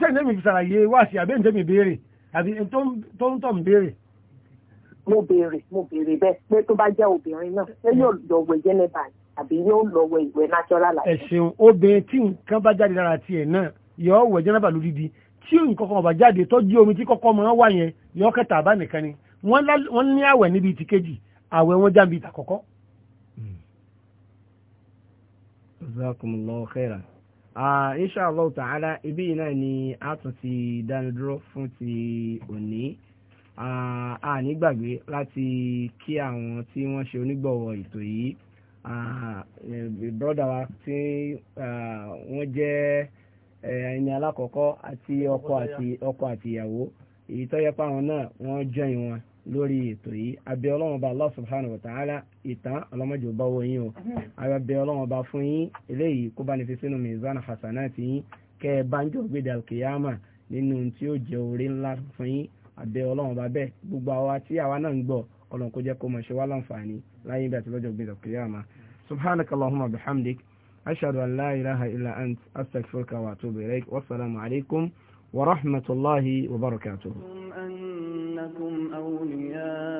ṣé ǹjẹ́ mi fi ṣàlàyé wá sí àbí ǹjẹ́ mi béèrè àbí tó ń tọ̀ ń béèrè. mo béèrè mo béèrè bẹ́ẹ̀ pé tó bá jẹ́ obìnrin náà ṣé yóò lọ wẹ jẹ́nẹ́bà ni àbí yóò lọ wẹ ìwẹ̀ natural life. ẹ obìnrin tí nǹkan bá jáde lára tiẹ̀ náà yóò wẹ̀ jẹ́nàbà lórí di tí nǹkan kan bá jáde tọ́jú omi tí kọ́kọ́ máa wà yẹn yóò kẹta àbá nìkan ni wọ́n ní àwẹ̀ níbi ti kejì àwẹ̀ wọn jáde ìta kọ́kọ́. ta'ala ibi náà ni a tún ti dánidúró fún ti òní a nígbàgbé láti kí àwọn tí wọ́n ṣe onígbọ̀wọ́ ètò yìí Ah, eh, broda wa tí ah, wọ́n jẹ́ eh, ẹni alákọ̀ọ́kọ́ ati ọkọ àti ọkọ àti ìyàwó èyí tó yẹ páwọn náà wọ́n jọyìn wọn lórí ètò yìí abẹ́ ọlọ́run bá Allah subhanahu wa ta'ala ìtàn ọlọ́mọdé ọba owó yín o abẹ́ ọlọ́run bá fún yín eléyìí kó bá ní fi sínú mizan hasanati yín kẹ́ ẹ bá ń jọ gbé dàlkìyàmà nínú tí ó jẹ́ orí ńlá fún yín abẹ́ ọlọ́run bá bẹ́ẹ̀ gbogbo àwa tí àwa náà ń gbọ́ ọlọ́run kó jẹ́ kó mọ̀ ṣe wá láǹfààní لا ينبات بجو بيد القيامة سبحانك اللهم بحمدك أشهد أن لا إله إلا أنت أستغفرك وأتوب إليك والسلام عليكم ورحمة الله وبركاته أنكم أولياء